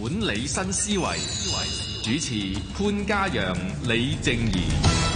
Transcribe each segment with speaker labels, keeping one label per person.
Speaker 1: 管理新思維，思維，主持潘嘉陽、李靜宜。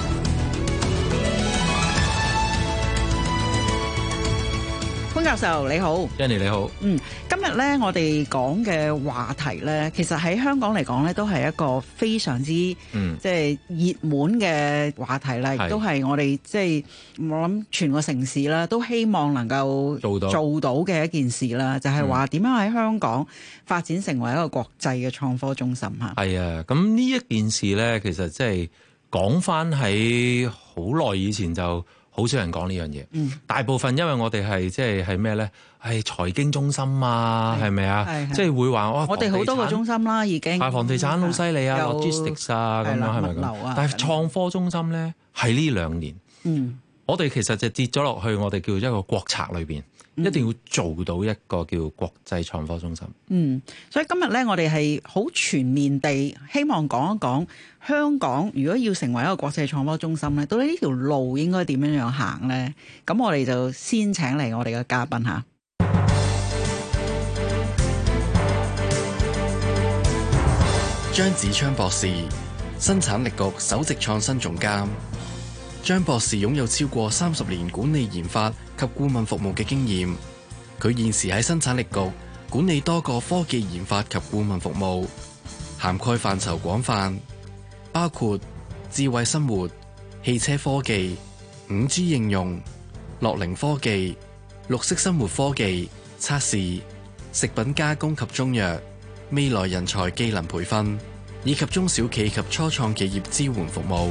Speaker 2: 教授你好，Jenny 你好，嗯，今日咧我哋講嘅話題咧，其實喺香港嚟講咧，都係一個非常之，嗯，即係熱門嘅話題啦，是都係我哋即係我諗全個城市啦，都希望能夠做到做到嘅一件事啦，到就係話點樣喺香港發展成為一個國際嘅創科中心吓。係、
Speaker 3: 嗯、啊，咁呢一件事咧，其實即係講翻喺好耐以前就。好少人講呢樣嘢，嗯、大部分因為我哋係即係係咩咧？係、就、財、是哎、經中心啊，係咪啊？是是即係會話我哋好多個中
Speaker 2: 心啦、啊，已經。
Speaker 3: 但係房地產好犀利啊，Logistics 啊咁的樣係咪咁？但係創科中心咧，喺呢兩年，的我哋其實就跌咗落去，我哋叫做一個國策裏邊。一定要做到一個叫國際創科中心。
Speaker 2: 嗯，所以今日呢，我哋係好全面地希望講一講香港如果要成為一個國際創科中心呢，到底呢條路應該點樣樣行呢？咁我哋就先請嚟我哋嘅嘉賓吓，
Speaker 1: 張梓昌博士，
Speaker 2: 生產
Speaker 1: 力局首席創新總監。張博士擁有超過三十年管理研發及顧問服務嘅經驗，佢現時喺生產力局管理多個科技研發及顧問服務，涵蓋範疇廣泛，包括智慧生活、汽車科技、五 G 應用、樂齡科技、綠色生活科技、測試、食品加工及中藥、未來人才技能培訓以及中小企及初創企業支援服務。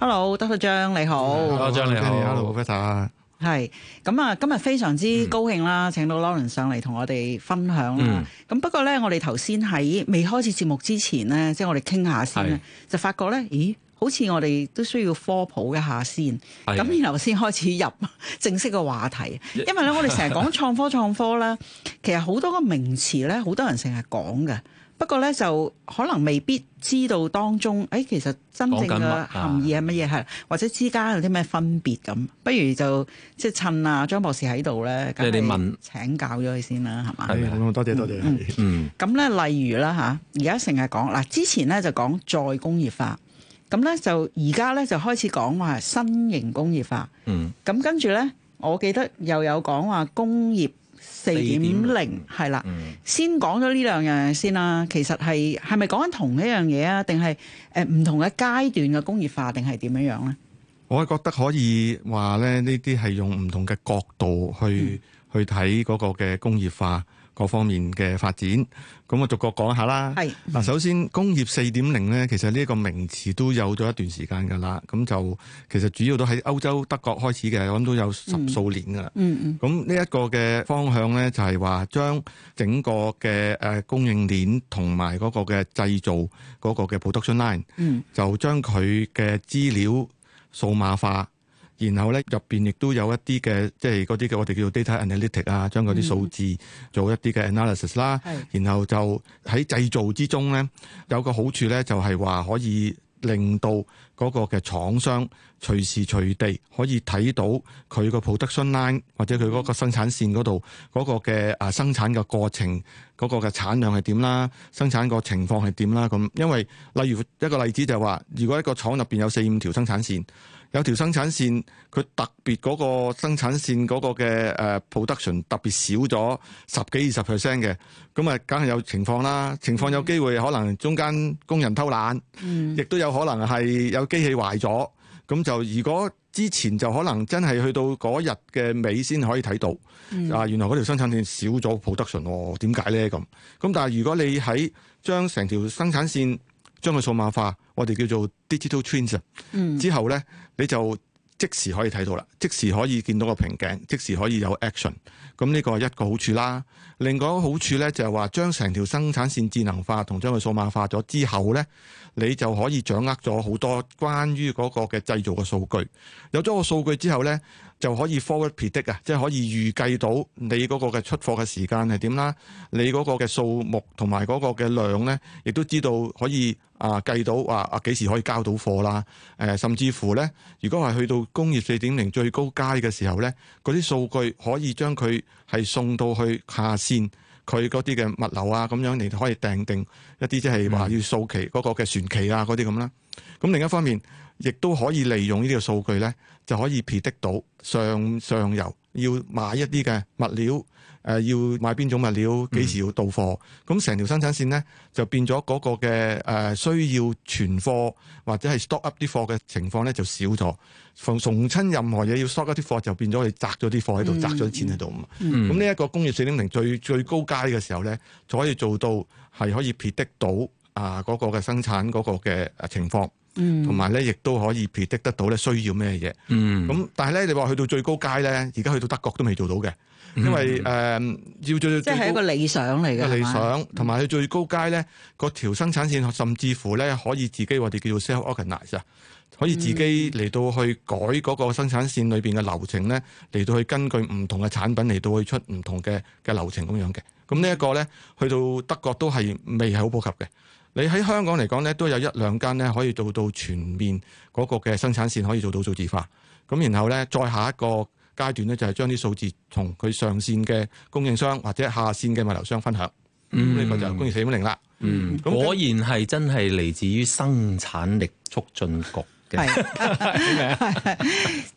Speaker 2: Hello，Doctor 張你好。Doctor 張你好，Hello，Peter。係咁啊，今日非常之高興啦，嗯、請到 Lawrence 上嚟同我哋分享啦。咁、嗯、不過咧，我哋頭先喺未開始節目之前咧，即係我哋傾下先咧，就發覺咧，咦，好似我哋都需要科普一下先，咁然後先開始入正式嘅話題。因為咧，我哋成日講創科創科啦，其實好多個名詞咧，好多人成日講嘅。不過咧，就可能未必知道當中，誒、哎，其實真正嘅含義係乜嘢係，或者之間有啲咩分別咁。不如就即係趁啊張博士喺度咧，即係你問請教咗佢先啦，係嘛吧？係，好多
Speaker 1: 謝多謝，多謝嗯，
Speaker 2: 咁咧、嗯嗯，例如啦嚇，而家成日講嗱，之前咧就講再工業化，咁咧就而家咧就開始講話新型工業化。嗯。咁跟住咧，我記得又有講話工業。四點零係啦，先講咗呢兩樣先啦。其實係係咪講緊同一樣嘢啊？定係誒唔同嘅階段嘅工業化定係點樣樣咧？
Speaker 1: 我覺得可以話咧，呢啲係用唔同嘅角度去、嗯、去睇嗰個嘅工業化。各方面嘅發展，咁我逐個講下啦。係嗱，嗯、首先工業四點零咧，其實呢一個名詞都有咗一段時間㗎啦。咁就其實主要都喺歐洲德國開始嘅，咁都有十數年㗎啦、嗯。嗯嗯。咁呢一個嘅方向咧，就係、是、話將整個嘅誒供應鏈同埋嗰個嘅製造嗰個嘅 production line，嗯，就將佢嘅資料數碼化。然後咧，入邊亦都有一啲嘅，即係嗰啲嘅，我哋叫做 data analytic 啊，將嗰啲數字做一啲嘅 analysis 啦、嗯。然後就喺製造之中咧，嗯、有個好處咧，就係、是、話可以令到嗰個嘅廠商隨時隨地可以睇到佢個 production line 或者佢嗰個生產線嗰度嗰個嘅啊生產嘅過程，嗰、那個嘅產量係點啦，生產個情況係點啦。咁因為例如一個例子就係話，如果一個廠入邊有四五條生產線。有條生產線，佢特別嗰個生產線嗰個嘅 production 特別少咗十幾二十 percent 嘅咁啊，梗係有情況啦。情況有機會可能中間工人偷懶，亦、嗯、都有可能係有機器壞咗咁就。如果之前就可能真係去到嗰日嘅尾先可以睇到、嗯、啊，原來嗰條生產線少咗 p r o d u c 普德純喎，點解呢？咁？咁但係如果你喺將成條生產線將佢數碼化，我哋叫做 digital t h a n g e 之後呢。嗯你就即時可以睇到啦，即時可以見到個瓶頸，即時可以有 action。咁呢個一個好處啦。另外一個好處呢，就係話將成條生產線智能化同將佢數碼化咗之後呢，你就可以掌握咗好多關於嗰個嘅製造嘅數據。有咗個數據之後呢。就可以 forward predict 啊，即係可以預計到你嗰個嘅出貨嘅時間係點啦，你嗰個嘅數目同埋嗰個嘅量咧，亦都知道可以啊、呃、計到話啊幾時可以交到貨啦。誒、呃，甚至乎咧，如果係去到工業四點零最高階嘅時候咧，嗰啲數據可以將佢係送到去下線，佢嗰啲嘅物流啊，咁樣你可以訂定一啲即係話要數期嗰、嗰個嘅船期啊嗰啲咁啦。咁另一方面，亦都可以利用呢個數據咧。就可以 predict 到上上游要買一啲嘅物料，誒、呃、要買邊種物料，幾時要到貨？咁成、嗯、條生產線咧就變咗嗰個嘅誒需要存貨或者係 stock up 啲貨嘅情況咧就少咗。逢逢親任何嘢要 stock up 啲貨就變咗係砸咗啲貨喺度，砸咗啲錢喺度嘛。咁呢一個工業四點零最最高階嘅時候咧，就可以做到係可以 predict 到啊嗰、嗰個嘅生產嗰個嘅情況。同埋咧，亦都可以 predict 得到咧需要咩嘢。咁、嗯、但係咧，你話去到最高階咧，而家去到德國都未做到嘅，嗯、因為誒、呃、要做即係一個理
Speaker 2: 想嚟嘅理想。
Speaker 1: 同埋去最高階咧，嗰條生產線甚至乎咧可以自己我哋叫做 self organize 啊，可以自己嚟到去改嗰個生產線裏邊嘅流程咧，嚟到去根據唔同嘅產品嚟到去出唔同嘅嘅流程咁樣嘅。咁呢一個咧，去到德國都係未係好普及嘅。你喺香港嚟講咧，都有一兩間咧可以做到全面嗰個嘅生產線，可以做到數字化，咁然後咧再下一個階段咧就係將啲數字同佢上線嘅供應商或者下線嘅物流商分享，咁呢個，嗯，就係工業四點零啦。
Speaker 4: 嗯，
Speaker 1: 果
Speaker 3: 然係真係嚟自於生產力促進局。係，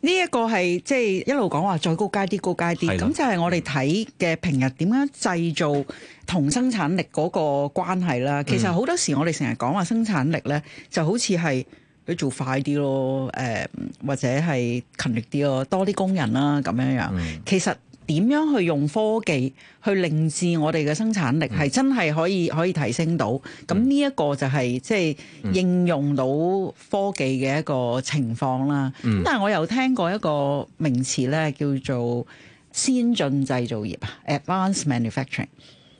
Speaker 2: 呢 一個係即係一路講話再高階啲，高階啲。咁 就係我哋睇嘅平日點樣製造同生產力嗰個關係啦。其實好多時我哋成日講話生產力咧，就好似係你做快啲咯，誒，或者係勤力啲咯，多啲工人啦，咁樣樣。其實。點樣去用科技去令至我哋嘅生產力係、mm. 真係可以可以提升到？咁呢一個就係即係應用到科技嘅一個情況啦。Mm. 但係我又聽過一個名詞咧，叫做先進製造業 a d v a n c e manufacturing）。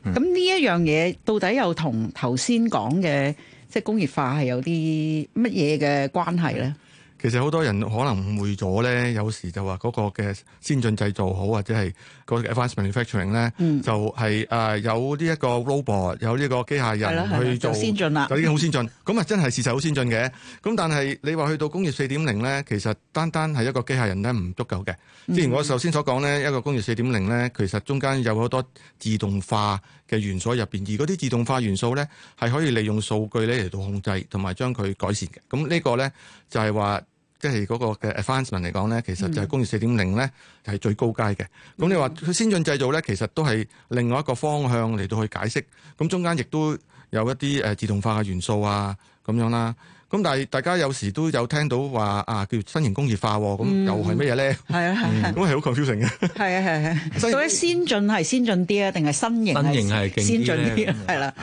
Speaker 2: 咁呢一樣嘢到底又同頭先講嘅即係工業化係有啲乜嘢嘅關係咧？
Speaker 1: 其實好多人可能誤會咗咧，有時就話嗰個嘅先進製造好或者係嗰個 advanced manufacturing 咧、嗯，就係誒有呢一個 robot 有呢個機械人去做，就已經好先進。咁啊，真係事實好先進嘅。咁但係你話去到工業四點零咧，其實單單係一個機械人咧，唔足夠嘅。之前我首先所講咧，一個工業四點零咧，其實中間有好多自動化嘅元素入面，而嗰啲自動化元素咧係可以利用數據咧嚟到控制同埋將佢改善嘅。咁呢個咧就係話。即係嗰個嘅 advanced 嚟講咧，其實就係工業四點零咧係最高階嘅。咁你話佢先進製造咧，其實都係另外一個方向嚟到去解釋。咁中間亦都有一啲誒自動化嘅元素啊，咁樣啦。咁但係大家有時都有聽到話啊，叫新型工業化喎，咁又係乜嘢咧？係啊，咁係好 confusing 嘅。係啊
Speaker 2: 係啊，所以、啊 conf 啊啊、先進係先進啲啊，定係新型新型係先進啲？係
Speaker 1: 啦。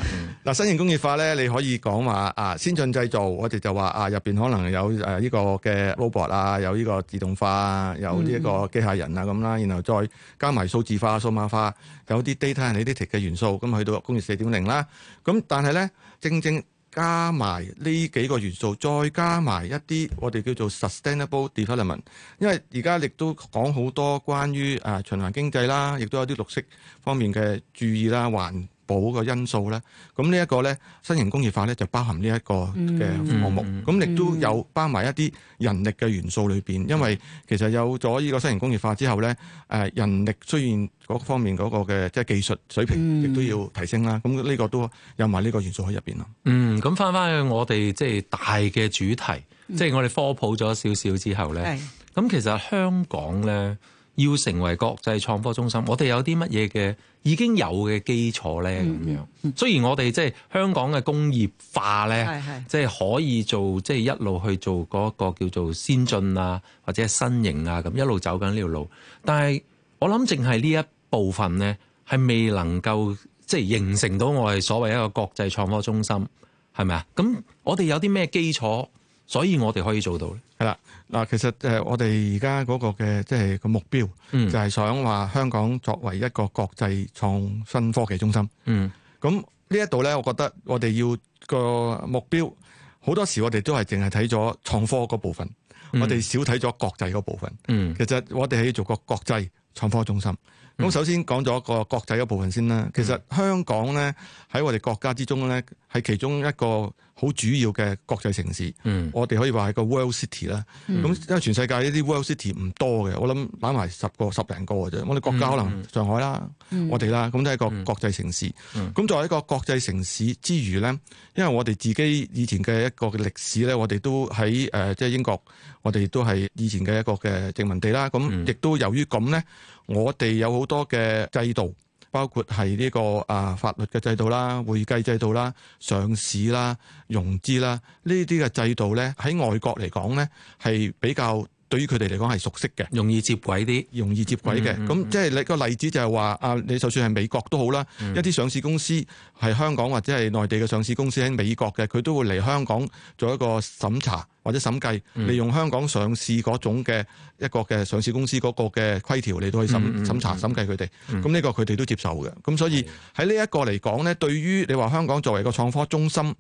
Speaker 1: 嗱新型工業化咧，你可以講話啊，先進製造，我哋就話啊，入邊可能有誒呢個嘅 robot 啊，有呢個自動化啊，有呢一個機械人啊咁啦，然後再加埋數字化、數碼化，有啲 data analytics 嘅元素，咁去到工業四點零啦。咁但係咧，正正。加埋呢幾個元素，再加埋一啲我哋叫做 sustainable development，因為而家亦都講好多關於啊、呃、循環經濟啦，亦都有啲綠色方面嘅注意啦，環保個因素咧，咁呢一個咧新型工業化咧就包含呢一個嘅項目，咁亦、嗯、都有包埋一啲人力嘅元素裏邊，嗯、因為其實有咗呢個新型工業化之後咧，誒、呃、人力出現嗰方面嗰個嘅即係技術水平亦都要提升啦，咁呢、嗯、個都有埋呢個元素喺入邊咯。嗯，
Speaker 3: 咁翻翻去我哋即係大嘅主題，即係、嗯、我哋科普咗少少之後咧，咁的其實香港咧。要成為國際創科中心，我哋有啲乜嘢嘅已經有嘅基礎呢？咁樣、嗯，嗯、雖然我哋即係香港嘅工業化呢，嗯嗯、即係可以做即係一路去做嗰個叫做先進啊，或者新型啊咁一路走緊呢條路，但係我諗淨係呢一部分呢，係未能夠即係形成到我哋所謂一個國際創科中心，係咪啊？咁我哋有啲咩基礎？所以我哋可以做到咧，
Speaker 1: 係啦嗱，其實誒，我哋而家嗰個嘅即係個目標，就係想話香港作為一個國際創新科技中心。嗯，咁呢一度咧，我覺得我哋要個目標好多時，我哋都係淨係睇咗創科嗰部分，我哋少睇咗國際嗰部分。嗯，其實我哋係要做個國際創科中心。咁、嗯、首先講咗個國際嘅部分先啦。嗯、其實香港咧喺我哋國家之中咧，係其中一個好主要嘅國際城市。嗯、我哋可以話係個 World City 啦、嗯。咁因為全世界呢啲 World City 唔多嘅，我諗揀埋十個十零個嘅啫。我哋國家、嗯、可能上海啦，嗯、我哋啦，咁都係一個國際城市。咁、嗯嗯、作為一個國際城市之餘咧，因為我哋自己以前嘅一個嘅歷史咧，我哋都喺誒即係英國，我哋都係以前嘅一個嘅殖民地啦。咁亦都由於咁咧。我哋有好多嘅制度，包括係呢個啊法律嘅制度啦、會計制度啦、上市啦、融資啦，呢啲嘅制度咧喺外國嚟講咧係比較。對於佢哋嚟講係熟悉嘅，容易接軌啲，容易接軌嘅。咁、mm hmm. 即係你個例子就係話啊，你就算係美國都好啦，mm hmm. 一啲上市公司係香港或者係內地嘅上市公司喺美國嘅，佢都會嚟香港做一個審查或者審計，mm hmm. 利用香港上市嗰種嘅一個嘅上市公司嗰個嘅規條嚟到去審、mm hmm. 審查審計佢哋。咁呢、mm hmm. 個佢哋都接受嘅。咁所以喺呢一個嚟講呢，對於你話香港作為一個創科中心。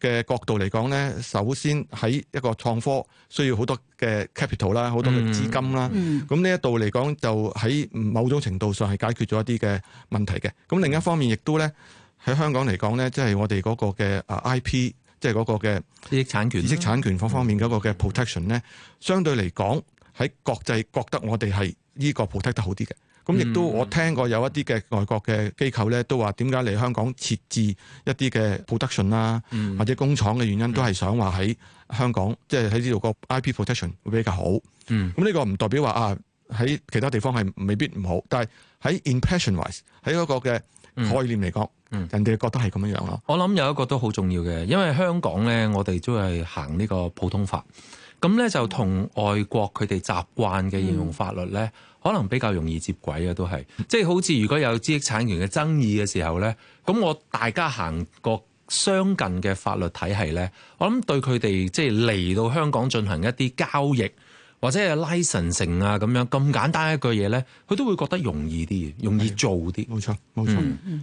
Speaker 1: 嘅角度嚟講咧，首先喺一個創科需要好多嘅 capital 啦，好多嘅資金啦。嗯，咁呢一度嚟講就喺某種程度上係解決咗一啲嘅問題嘅。咁另一方面，亦都咧喺香港嚟講咧，即係我哋嗰個嘅啊 IP，即係嗰個嘅知識產權知識產權方方面嗰個嘅 protection 咧，嗯嗯、相對嚟講，喺國際覺得我哋係呢個 protect 得好啲嘅。咁亦、嗯、都我聽過有一啲嘅外國嘅機構咧，都話點解嚟香港設置一啲嘅 production 啦、嗯，或者工廠嘅原因，嗯、都係想話喺香港，即係喺呢度個 IP protection 會比較好。咁呢、嗯、個唔代表話啊喺其他地方係未必唔好，但係喺 impression wise 喺嗰個嘅概念嚟講，嗯嗯、人哋覺得係咁樣樣咯。
Speaker 3: 我諗有一個都好重要嘅，因為香港咧，我哋都係行呢個普通法。咁咧就同外國佢哋習慣嘅應用法律呢，嗯、可能比較容易接軌啊！都係，即、就、係、是、好似如果有知識產權嘅爭議嘅時候呢，咁我大家行個相近嘅法律體系呢，我諗對佢哋即係嚟到香港進行一啲交易，或者係 licensing 啊，咁樣咁簡單一句嘢咧，佢都會覺得容易啲，容易做
Speaker 1: 啲。冇錯，冇、嗯、沒錯。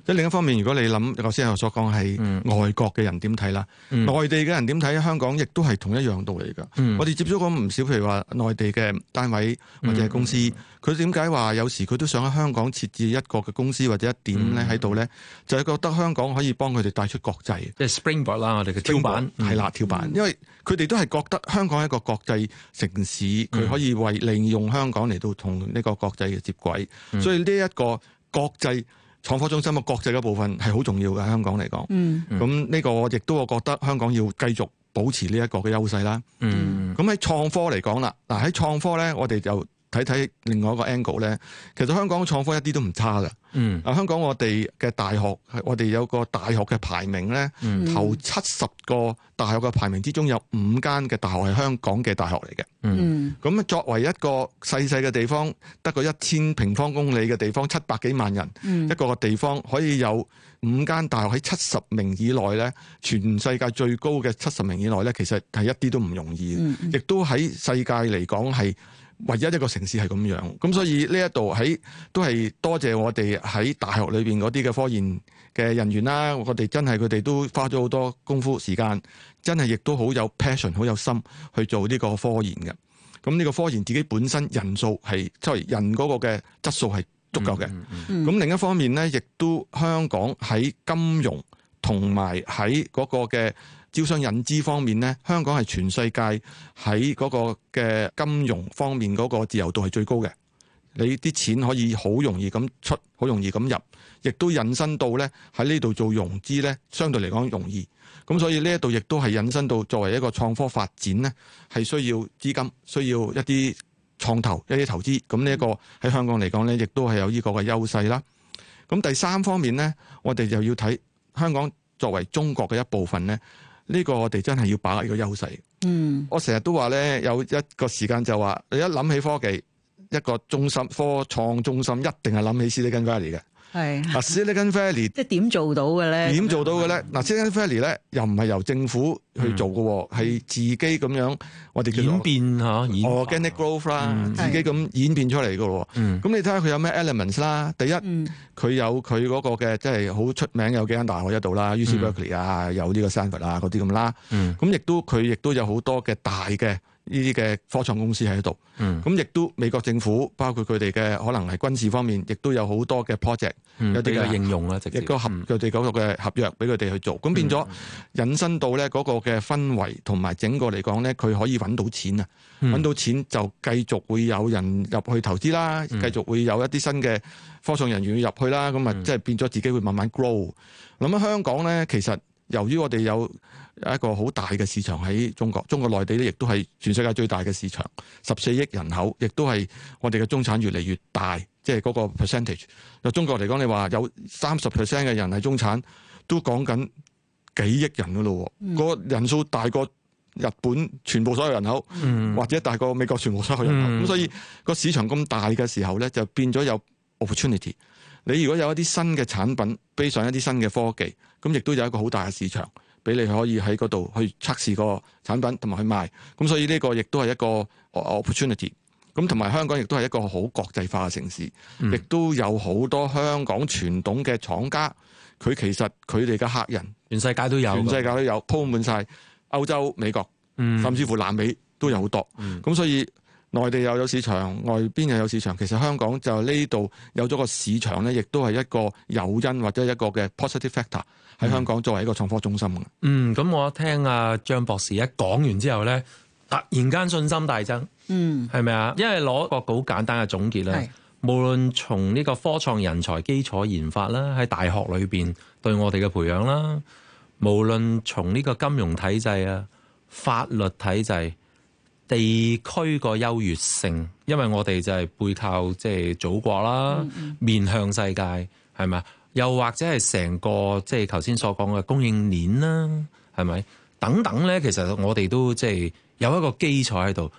Speaker 1: 即係另一方面，如果你諗頭先我所講係、嗯、外國嘅人點睇啦，內地嘅人點睇？香港亦都係同一樣道理㗎。我哋接觸過唔少，譬如話內地嘅單位或者係公司，佢點解話有時佢都想喺香港設置一個嘅公司或者一點咧喺度咧，就係覺得香港可以幫佢哋帶出國際，即係 springboard 啦，我哋嘅跳板，係啦，跳板，因為。佢哋都係覺得香港係一個國際城市，佢可以為利用香港嚟到同呢個國際嘅接軌，所以呢一個國際創科中心嘅國際部分係好重要嘅。香港嚟講，咁呢個亦都我覺得香港要繼續保持呢一個嘅優勢啦。咁喺創科嚟講啦，嗱喺創科咧，我哋就。睇睇另外一個 angle 咧，其實香港創科一啲都唔差㗎。嗯，啊香港我哋嘅大學，我哋有個大學嘅排名咧，頭七十個大學嘅排名之中有五間嘅大學係香港嘅大學嚟嘅。嗯，咁作為一個細細嘅地方，得個一千平方公里嘅地方，七百幾萬人，嗯、一個個地方可以有五間大學喺七十名以內咧，全世界最高嘅七十名以內咧，其實係一啲都唔容易。亦、嗯、都喺世界嚟講係。唯一一個城市係咁樣，咁所以呢一度喺都係多謝我哋喺大學裏邊嗰啲嘅科研嘅人員啦，我哋真係佢哋都花咗好多功夫時間，真係亦都好有 passion、好有心去做呢個科研嘅。咁呢個科研自己本身人數係即係人嗰個嘅質素係足夠嘅。咁、嗯嗯嗯、另一方面呢，亦都香港喺金融同埋喺嗰個嘅。招商引資方面呢，香港係全世界喺嗰個嘅金融方面嗰個自由度係最高嘅。你啲錢可以好容易咁出，好容易咁入，亦都引申到呢喺呢度做融資呢，相對嚟講容易。咁所以呢一度亦都係引申到作為一個創科發展呢，係需要資金，需要一啲創投一啲投資。咁呢一個喺香港嚟講呢，亦都係有呢個嘅優勢啦。咁第三方面呢，我哋就要睇香港作為中國嘅一部分呢。呢個我哋真係要把握呢個優勢，嗯，我成日都話咧，有一個時間就話，你一諗起科技一個中心，科創中心一定係諗起 Silicon Valley 嘅。
Speaker 2: 係
Speaker 1: 嗱，Silicon Valley
Speaker 2: 即係點做到嘅咧？點做
Speaker 1: 到嘅咧？嗱 Silicon Valley 咧又唔係由政府去做嘅，係自己咁樣我哋演變吓，organic growth 啦，自己咁演變出嚟嘅。咁你睇下佢有咩 elements 啦？第一，佢有佢嗰個嘅，即係好出名有幾間大學喺度啦，U C Berkeley 啊，有呢個 Stanford 啊，嗰啲咁啦。咁亦都佢亦都有好多嘅大嘅。呢啲嘅科創公司喺度，咁亦、嗯、都美國政府包括佢哋嘅可能係軍事方面，亦都有好多嘅 project，、嗯、有啲嘅應用啦，接一個合佢哋嗰個嘅合約俾佢哋去做，咁、嗯、變咗引申到咧嗰個嘅氛圍同埋整個嚟講咧，佢可以揾到錢啊！揾、嗯、到錢就繼續會有人入去投資啦，嗯、繼續會有一啲新嘅科創人員要入去啦，咁啊、嗯嗯、即係變咗自己會慢慢 grow。咁啊香港咧，其實由於我哋有。一個好大嘅市場喺中國，中國內地咧亦都係全世界最大嘅市場，十四億人口，亦都係我哋嘅中產越嚟越大，即係嗰、那個 percentage。就中國嚟講，你話有三十 percent 嘅人係中產，都講緊幾億人噶咯，個、嗯、人數大過日本全部所有人口，或者大過美國全部所有人口。咁、嗯、所以個市場咁大嘅時候咧，就變咗有 opportunity。你如果有一啲新嘅產品，背上一啲新嘅科技，咁亦都有一個好大嘅市場。俾你可以喺嗰度去測試個產品同埋去賣，咁所以呢個亦都係一個 opportunity。咁同埋香港亦都係一個好國際化嘅城市，亦、嗯、都有好多香港傳統嘅廠家。佢其實佢哋嘅客人，全世,全世界都有，全世界都有鋪滿晒歐洲、美國，甚至乎南美都有好多。咁、嗯、所以。內地又有市場，外邊又有市場。其實香港就呢度有咗個市場呢，亦都係一個誘因或者一個嘅 positive factor 喺香港作為一個創科中心。嗯，
Speaker 3: 咁我聽阿張博士一講完之後呢，突然間信心大增。
Speaker 1: 嗯，
Speaker 3: 係咪啊？因為攞個好簡單嘅總結咧，是無論從呢個科創人才基礎研發啦，喺大學裏邊對我哋嘅培養啦，無論從呢個金融體制啊、法律體制。地區個優越性，因為我哋就係背靠即係、就是、祖國啦，嗯嗯，面向世界係咪？又或者係成個即係頭先所講嘅供應鏈啦，係咪？等等咧，其實我哋都即係、就是、有一個基礎喺度。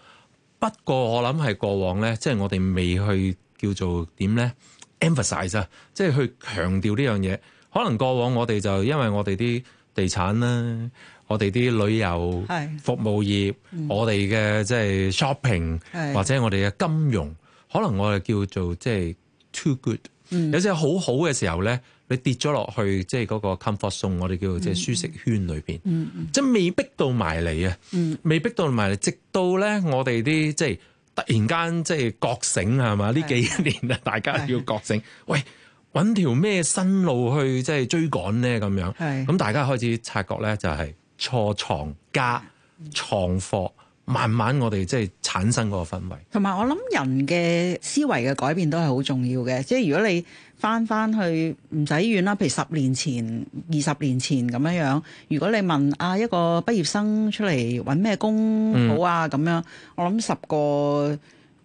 Speaker 3: 不過我諗係過往咧，即、就、係、是、我哋未去叫做點咧 emphasize 啊，即係去強調呢樣嘢。可能過往我哋就因為我哋啲地產啦。我哋啲旅遊是服務業，嗯、我哋嘅即係 shopping，是或者我哋嘅金融，可能我哋叫做即係 too good、嗯、有隻好好嘅時候咧，你跌咗落去即係嗰個 comfort zone，我哋叫做、嗯、即係舒適圈裏邊，即係未逼到埋嚟啊，未逼到埋嚟，直到咧我哋啲即係突然間即係覺醒係嘛？呢幾年啊，是 大家要覺醒，喂，揾條咩新路去即係追趕咧咁樣，咁大家開始察覺咧就係。effort 錯床加、加床、貨，慢慢我哋即係產生嗰個氛
Speaker 2: 圍。同埋我諗人嘅思維嘅改變都係好重要嘅。即係如果你翻翻去唔使遠啦，譬如十年前、二十年前咁樣樣。如果你問啊一個畢業生出嚟，揾咩工好啊咁、嗯、樣，我諗十個。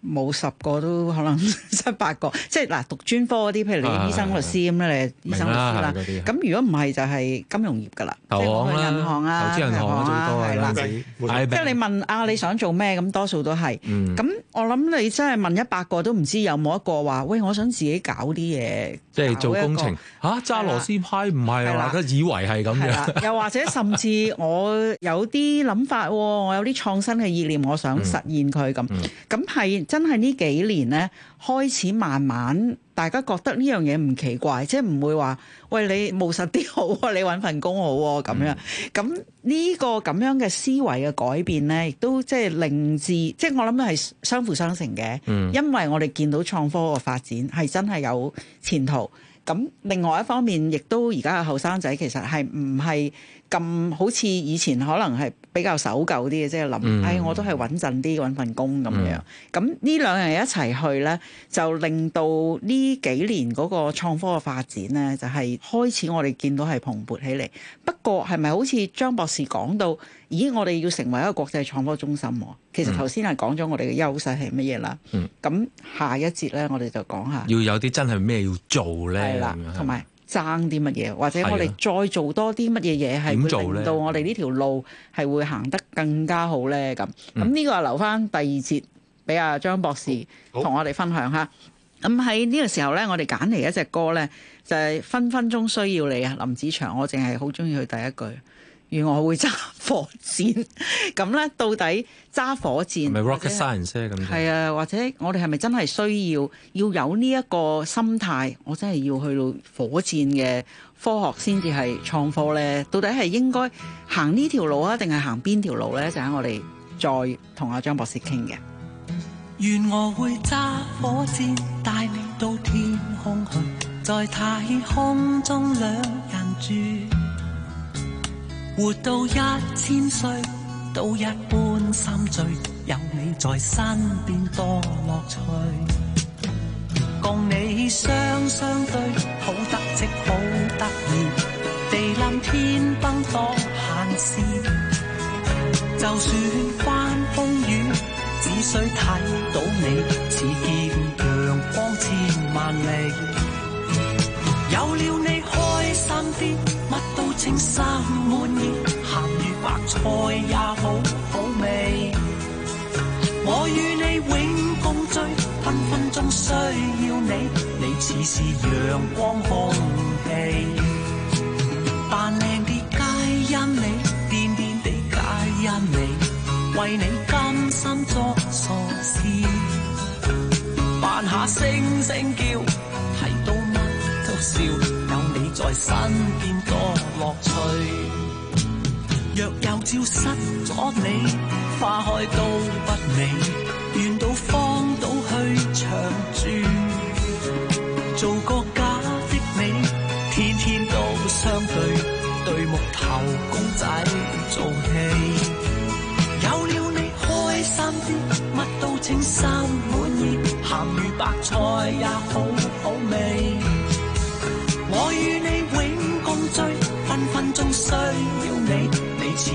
Speaker 2: 冇十個都可能七八個，即係嗱讀專科嗰啲，譬如你醫生、律師咁樣，你係醫生、律師啦。咁如果唔係就係金融業噶啦，即係講銀行啊、投資銀行啊、係啦，即係你問啊你想做咩？咁多數都係。咁我諗你真係問一百個都唔知有冇一個話，喂，我想自己搞啲嘢，即係做工程
Speaker 3: 嚇，揸螺絲批唔係啊？以為係咁樣，
Speaker 2: 又或者甚至我有啲諗法，我有啲創新嘅意念，我想實現佢咁，咁係。真係呢幾年咧，開始慢慢大家覺得呢樣嘢唔奇怪，即係唔會話喂，你務實啲好，你揾份工好咁樣。咁呢、嗯、個咁樣嘅思維嘅改變咧，亦都致即係令至即係我諗係相輔相成嘅，嗯、因為我哋見到創科個發展係真係有前途。咁另外一方面，亦都而家嘅後生仔其實係唔係。咁好似以前可能係比較守舊啲嘅，即係諗，嗯、哎，我都係穩陣啲揾份工咁樣。咁呢、嗯、兩樣一齊去咧，就令到呢幾年嗰個創科嘅發展咧，就係、是、開始我哋見到係蓬勃起嚟。不過係咪好似張博士講到，咦，我哋要成為一個國際創科中心？其實頭先係講咗我哋嘅優勢係乜嘢啦。咁、嗯、下一節咧，我哋就講下
Speaker 3: 要有啲真係咩要做咧，係啦，
Speaker 2: 同埋。爭啲乜嘢，或者我哋再做多啲乜嘢嘢，係會令到我哋呢條路係會行得更加好咧咁。咁呢、嗯、個留翻第二節俾阿張博士同我哋分享下。咁喺呢個時候咧，我哋揀嚟一隻歌咧，就係、是、分分鐘需要你啊，林子祥。我淨係好鍾意佢第一句。願我會揸火箭，咁 咧，到底揸火箭，係 rocket science 咁係啊，或者我哋係咪真係需要要有呢一個心態？我真係要去到火箭嘅科學先至係創科咧？ 到底係應該行呢條路啊，定係行邊條路咧？就喺 我哋再同阿張博士傾嘅。
Speaker 5: 願我會揸火箭，帶你到天空去，在太空中兩人住。活到一千歲都一般心醉，有你在身邊多樂趣。共你相相對，好得戚好得意，地冧天崩當閒事。就算翻風雨，只需睇到你，似見陽光千萬里。有了你，開心啲，乜都稱心滿意，鹹魚白菜也好好味。我與你永共聚，分分鐘需要你，你似是陽光空氣。扮靚啲皆因你，癲癲地皆因你，為你甘心做傻事，扮下星。笑有你在身邊多樂趣，若有朝失咗你，花開都不美。願到荒島去長住，做個假的你。天天都相對，對木頭公仔做戲。有了你，開心啲，乜都稱心滿意，鹹魚白菜也好。.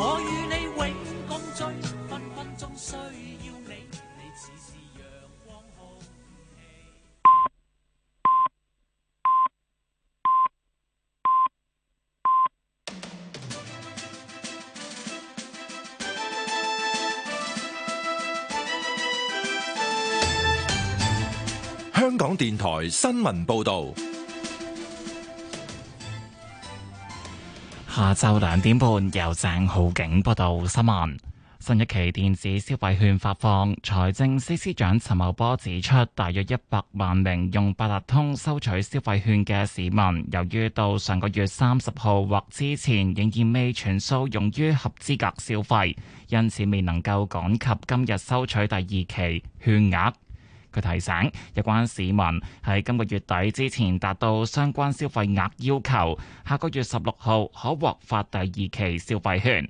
Speaker 5: 我與你永共聚，分分鐘需要你。你永共分分需要似是陽光空氣。香
Speaker 3: 港電台新聞報道。
Speaker 6: 下晝兩點半，由鄭浩景報道新聞。新一期電子消費券發放，財政司司長陳茂波指出，大約一百萬名用八達通收取消費券嘅市民，由於到上個月三十號或之前仍然未全數用於合資格消費，因此未能夠趕及今日收取第二期券額。佢提醒有關市民喺今個月底之前達到相關消費額要求，下個月十六號可獲發第二期消費券。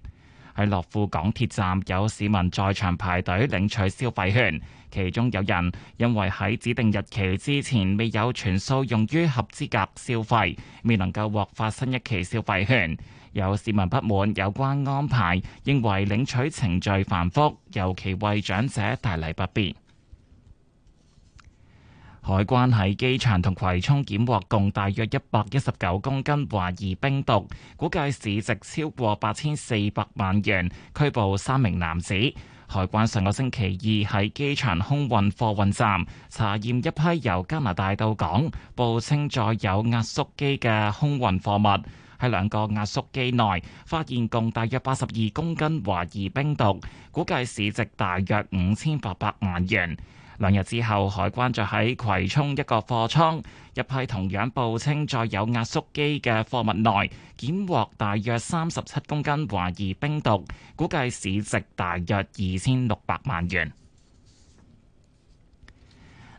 Speaker 6: 喺樂富港鐵站有市民在場排隊領取消費券，其中有人因為喺指定日期之前未有全數用於合資格消費，未能夠獲發新一期消費券。有市民不滿有關安排，認為領取程序繁複，尤其為長者帶嚟不便。海關喺機場同葵涌檢獲共大約一百一十九公斤懷疑冰毒，估計市值超過八千四百萬元，拘捕三名男子。海關上個星期二喺機場空運貨運站查驗一批由加拿大到港、報稱載有壓縮機嘅空運貨物，喺兩個壓縮機內發現共大約八十二公斤懷疑冰毒，估計市值大約五千八百萬元。兩日之後，海關就喺葵涌一個貨倉，入批同樣報稱載有壓縮機嘅貨物內，檢獲大約三十七公斤懷疑冰毒，估計市值大約二千六百萬元。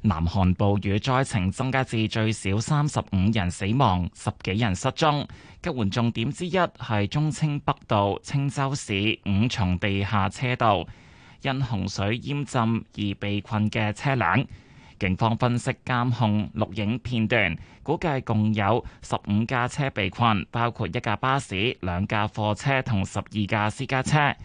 Speaker 6: 南韓暴雨災情增加至最少三十五人死亡，十幾人失蹤。救援重點之一係忠清北道清州市五松地下車道。因洪水淹浸而被困嘅車輛，警方分析監控錄影片段，估計共有十五架車被困，包括一架巴士、兩架貨車同十二架私家車。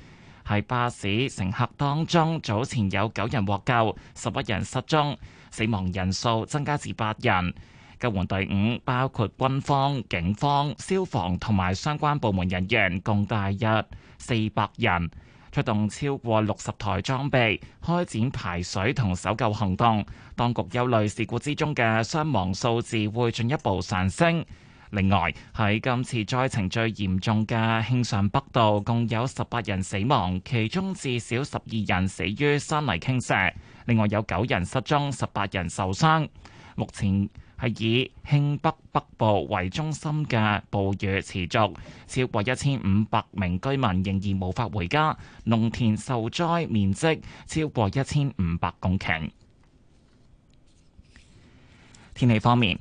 Speaker 6: 喺巴士乘客當中，早前有九人獲救，十一人失蹤，死亡人數增加至八人。救援隊伍包括軍方、警方、消防同埋相關部門人員，共大約四百人。出動超過六十台裝備開展排水同搜救行動，當局憂慮事故之中嘅傷亡數字會進一步上升。另外喺今次災情最嚴重嘅慶尚北道，共有十八人死亡，其中至少十二人死於山泥傾瀉，另外有九人失蹤，十八人受傷。目前係以慶北北部為中心嘅暴雨持續，超過一千五百名居民仍然無法回家，農田受災面積超過一千五百公頃。天氣方面。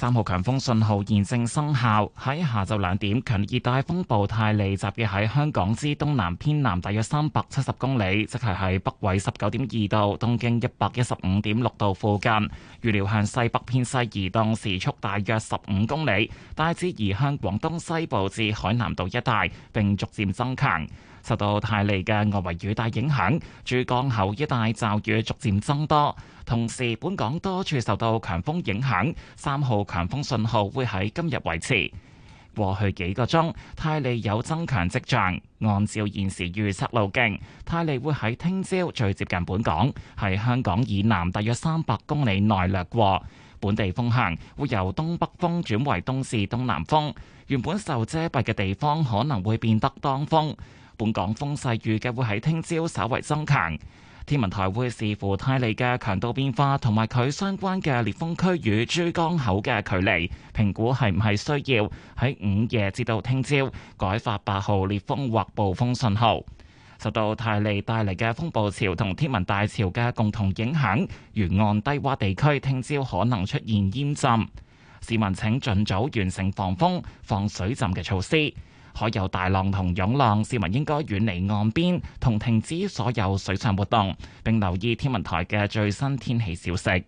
Speaker 6: 三號強風信號現正生效。喺下晝兩點，強熱帶風暴泰利集結喺香港之東南偏南大約三百七十公里，即係喺北緯十九點二度、東經一百一十五點六度附近。預料向西北偏西移動，時速大約十五公里，大致移向廣東西部至海南島一帶，並逐漸增強。受到泰利嘅外圍雨帶影響，珠江口一帶驟雨逐漸增多。同時，本港多處受到強風影響，三號強風信號會喺今日維持。過去幾個鐘，泰利有增強跡象。按照現時預測路徑，泰利會喺聽朝最接近本港，喺香港以南大約三百公里內掠過。本地風向會由東北風轉為東至東南風，原本受遮蔽嘅地方可能會變得當風。本港風勢預計會喺聽朝稍為增強，天文台會視乎泰利嘅強度變化同埋佢相關嘅烈風區與珠江口嘅距離，評估係唔係需要喺午夜至到聽朝改發八號烈風或暴風信號。受到泰利帶嚟嘅風暴潮同天文大潮嘅共同影響，沿岸低窪地區聽朝可能出現淹浸，市民請盡早完成防風、防水浸嘅措施。海有大浪同湧浪，市民應該遠離岸邊，同停止所有水上活動，並留意天文台嘅最新天氣消息。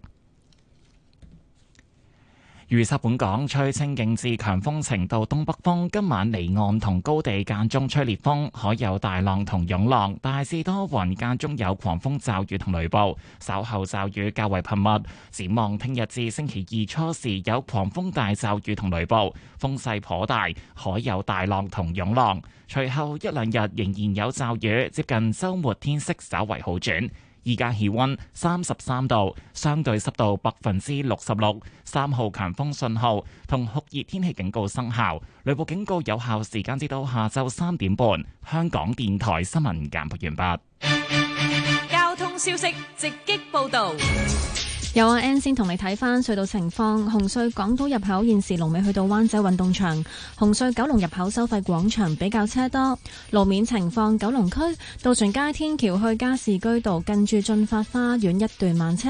Speaker 6: 預測本港吹清勁至強風程度東北風，今晚離岸同高地間中吹烈風，海有大浪同湧浪，大致多雲間中有狂風驟雨同雷暴，稍後驟雨較為頻密。展望聽日至星期二初時有狂風大驟雨同雷暴，風勢頗大，海有大浪同湧浪。隨後一兩日仍然有驟雨，接近週末天色稍為好轉。而家氣溫三十三度，相對濕度百分之六十六，三號強風信號同酷熱天氣警告生效，雷暴警告有效時間至到下晝三點半。香港電台新聞簡報完畢。
Speaker 7: 交通消息直擊報道。有阿 N 先同你睇翻隧道情況，紅隧港島入口現時龍尾去到灣仔運動場，紅隧九龍入口收費廣場比較車多。路面情況，九龍區渡船街天橋去加士居道近住駿發花園一段慢車。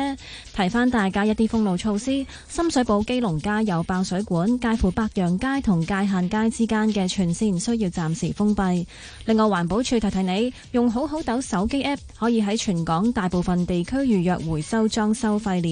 Speaker 7: 提翻大家一啲封路措施，深水埗基隆街有爆水管，介乎白洋街同界限街之間嘅全線需要暫時封閉。另外，環保署提提你，用好好斗手機 app 可以喺全港大部分地區預約回收裝收費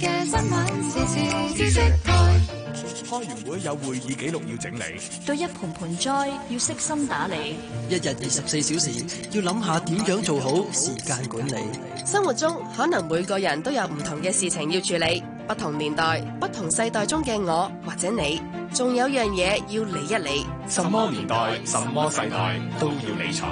Speaker 7: 開完
Speaker 1: 會有會議記錄要整理，
Speaker 7: 對一盆盆栽要悉心打理，一日
Speaker 5: 二十四小時要諗下點樣做好時間管理。
Speaker 7: 生活中可能每個人都有唔同嘅事情要處理，不同年代、不同世代中嘅我或者你，仲有樣嘢要理一理。
Speaker 1: 什麼年代、什麼世代都要
Speaker 7: 理財。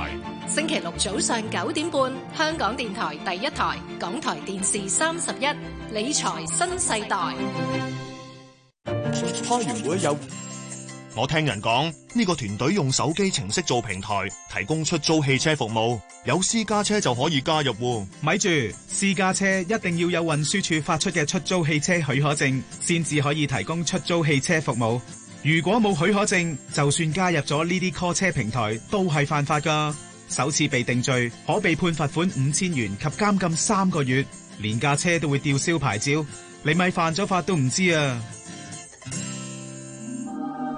Speaker 7: 星期六早上九點半，香港電台第一台，港台電視三十一。理財新
Speaker 1: 世代。開完會有我聽人講呢個團隊用手機程式做平台，提供出租汽車服務，有私家車就可以加入。咪住，私家車一定要有運輸署發出嘅出租汽車許可證，先至可以提供出租汽車
Speaker 5: 服務。如果冇許可證，就算加入咗呢啲 call 車平台，都係犯法噶。首次被定罪，可被判罰款五千元及監禁三個月。連架車都會吊銷牌照，你咪犯咗法都唔知啊！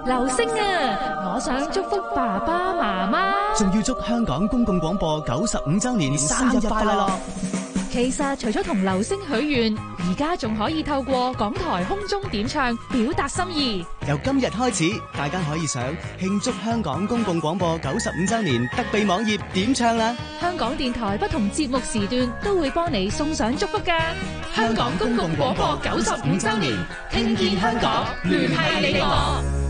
Speaker 7: 流星啊，我想祝福爸爸媽媽，
Speaker 5: 仲要祝香港公共廣播九十五周年生日快樂。
Speaker 7: 其實除咗同流星許願，而家仲可以透過港台空中點唱表達心意。
Speaker 5: 由今日開始，大家可以上慶祝香港公共廣播九十五周年特備網頁點唱啦！
Speaker 7: 香港電台不同節目時段都會幫你送上祝福嘅。
Speaker 5: 香港公共廣播九十五周年，
Speaker 7: 聽見香港，
Speaker 5: 聯繫你
Speaker 7: 我。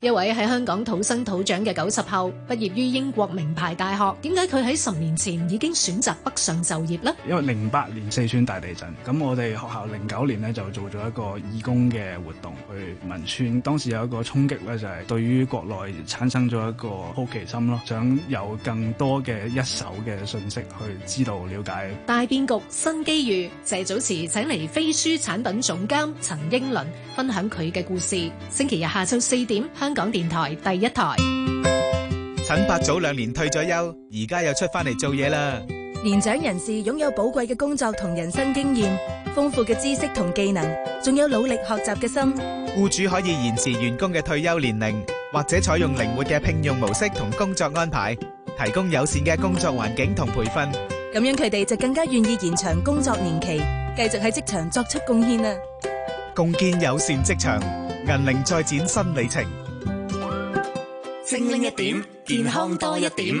Speaker 7: 一位喺香港土生土長嘅九十後，畢業於英國名牌大學，點解佢喺十年前已經選擇北上就業咧？因為零八年四川大地震，咁我哋學校零九年咧就做咗一個義工嘅活動去汶川，當時有一個衝擊咧就係對於國內產生咗一個好奇心咯，想有更多嘅一手嘅信息，去知道了解。大變局，新機遇。謝祖慈請嚟飛書產品總監陳英倫分享佢嘅故事。星期日下晝四點。香港電台第一台。
Speaker 1: 陳伯早兩年退咗休，而家又出翻嚟做嘢啦。
Speaker 7: 年長人士擁有寶貴嘅工作同人生經驗，豐富嘅知識同技能，仲有努力學習嘅心。
Speaker 1: 雇主可以延遲員工嘅退休年齡，或者採用靈活嘅聘用模式同工作安排，提供友善嘅工作環境同培訓。
Speaker 7: 咁樣佢哋就更加願意延長工作年期，繼續喺職場作出貢獻啦。
Speaker 1: 共建友善職
Speaker 5: 場，銀齡再展新里程。
Speaker 7: 精靈一點，健康多一點。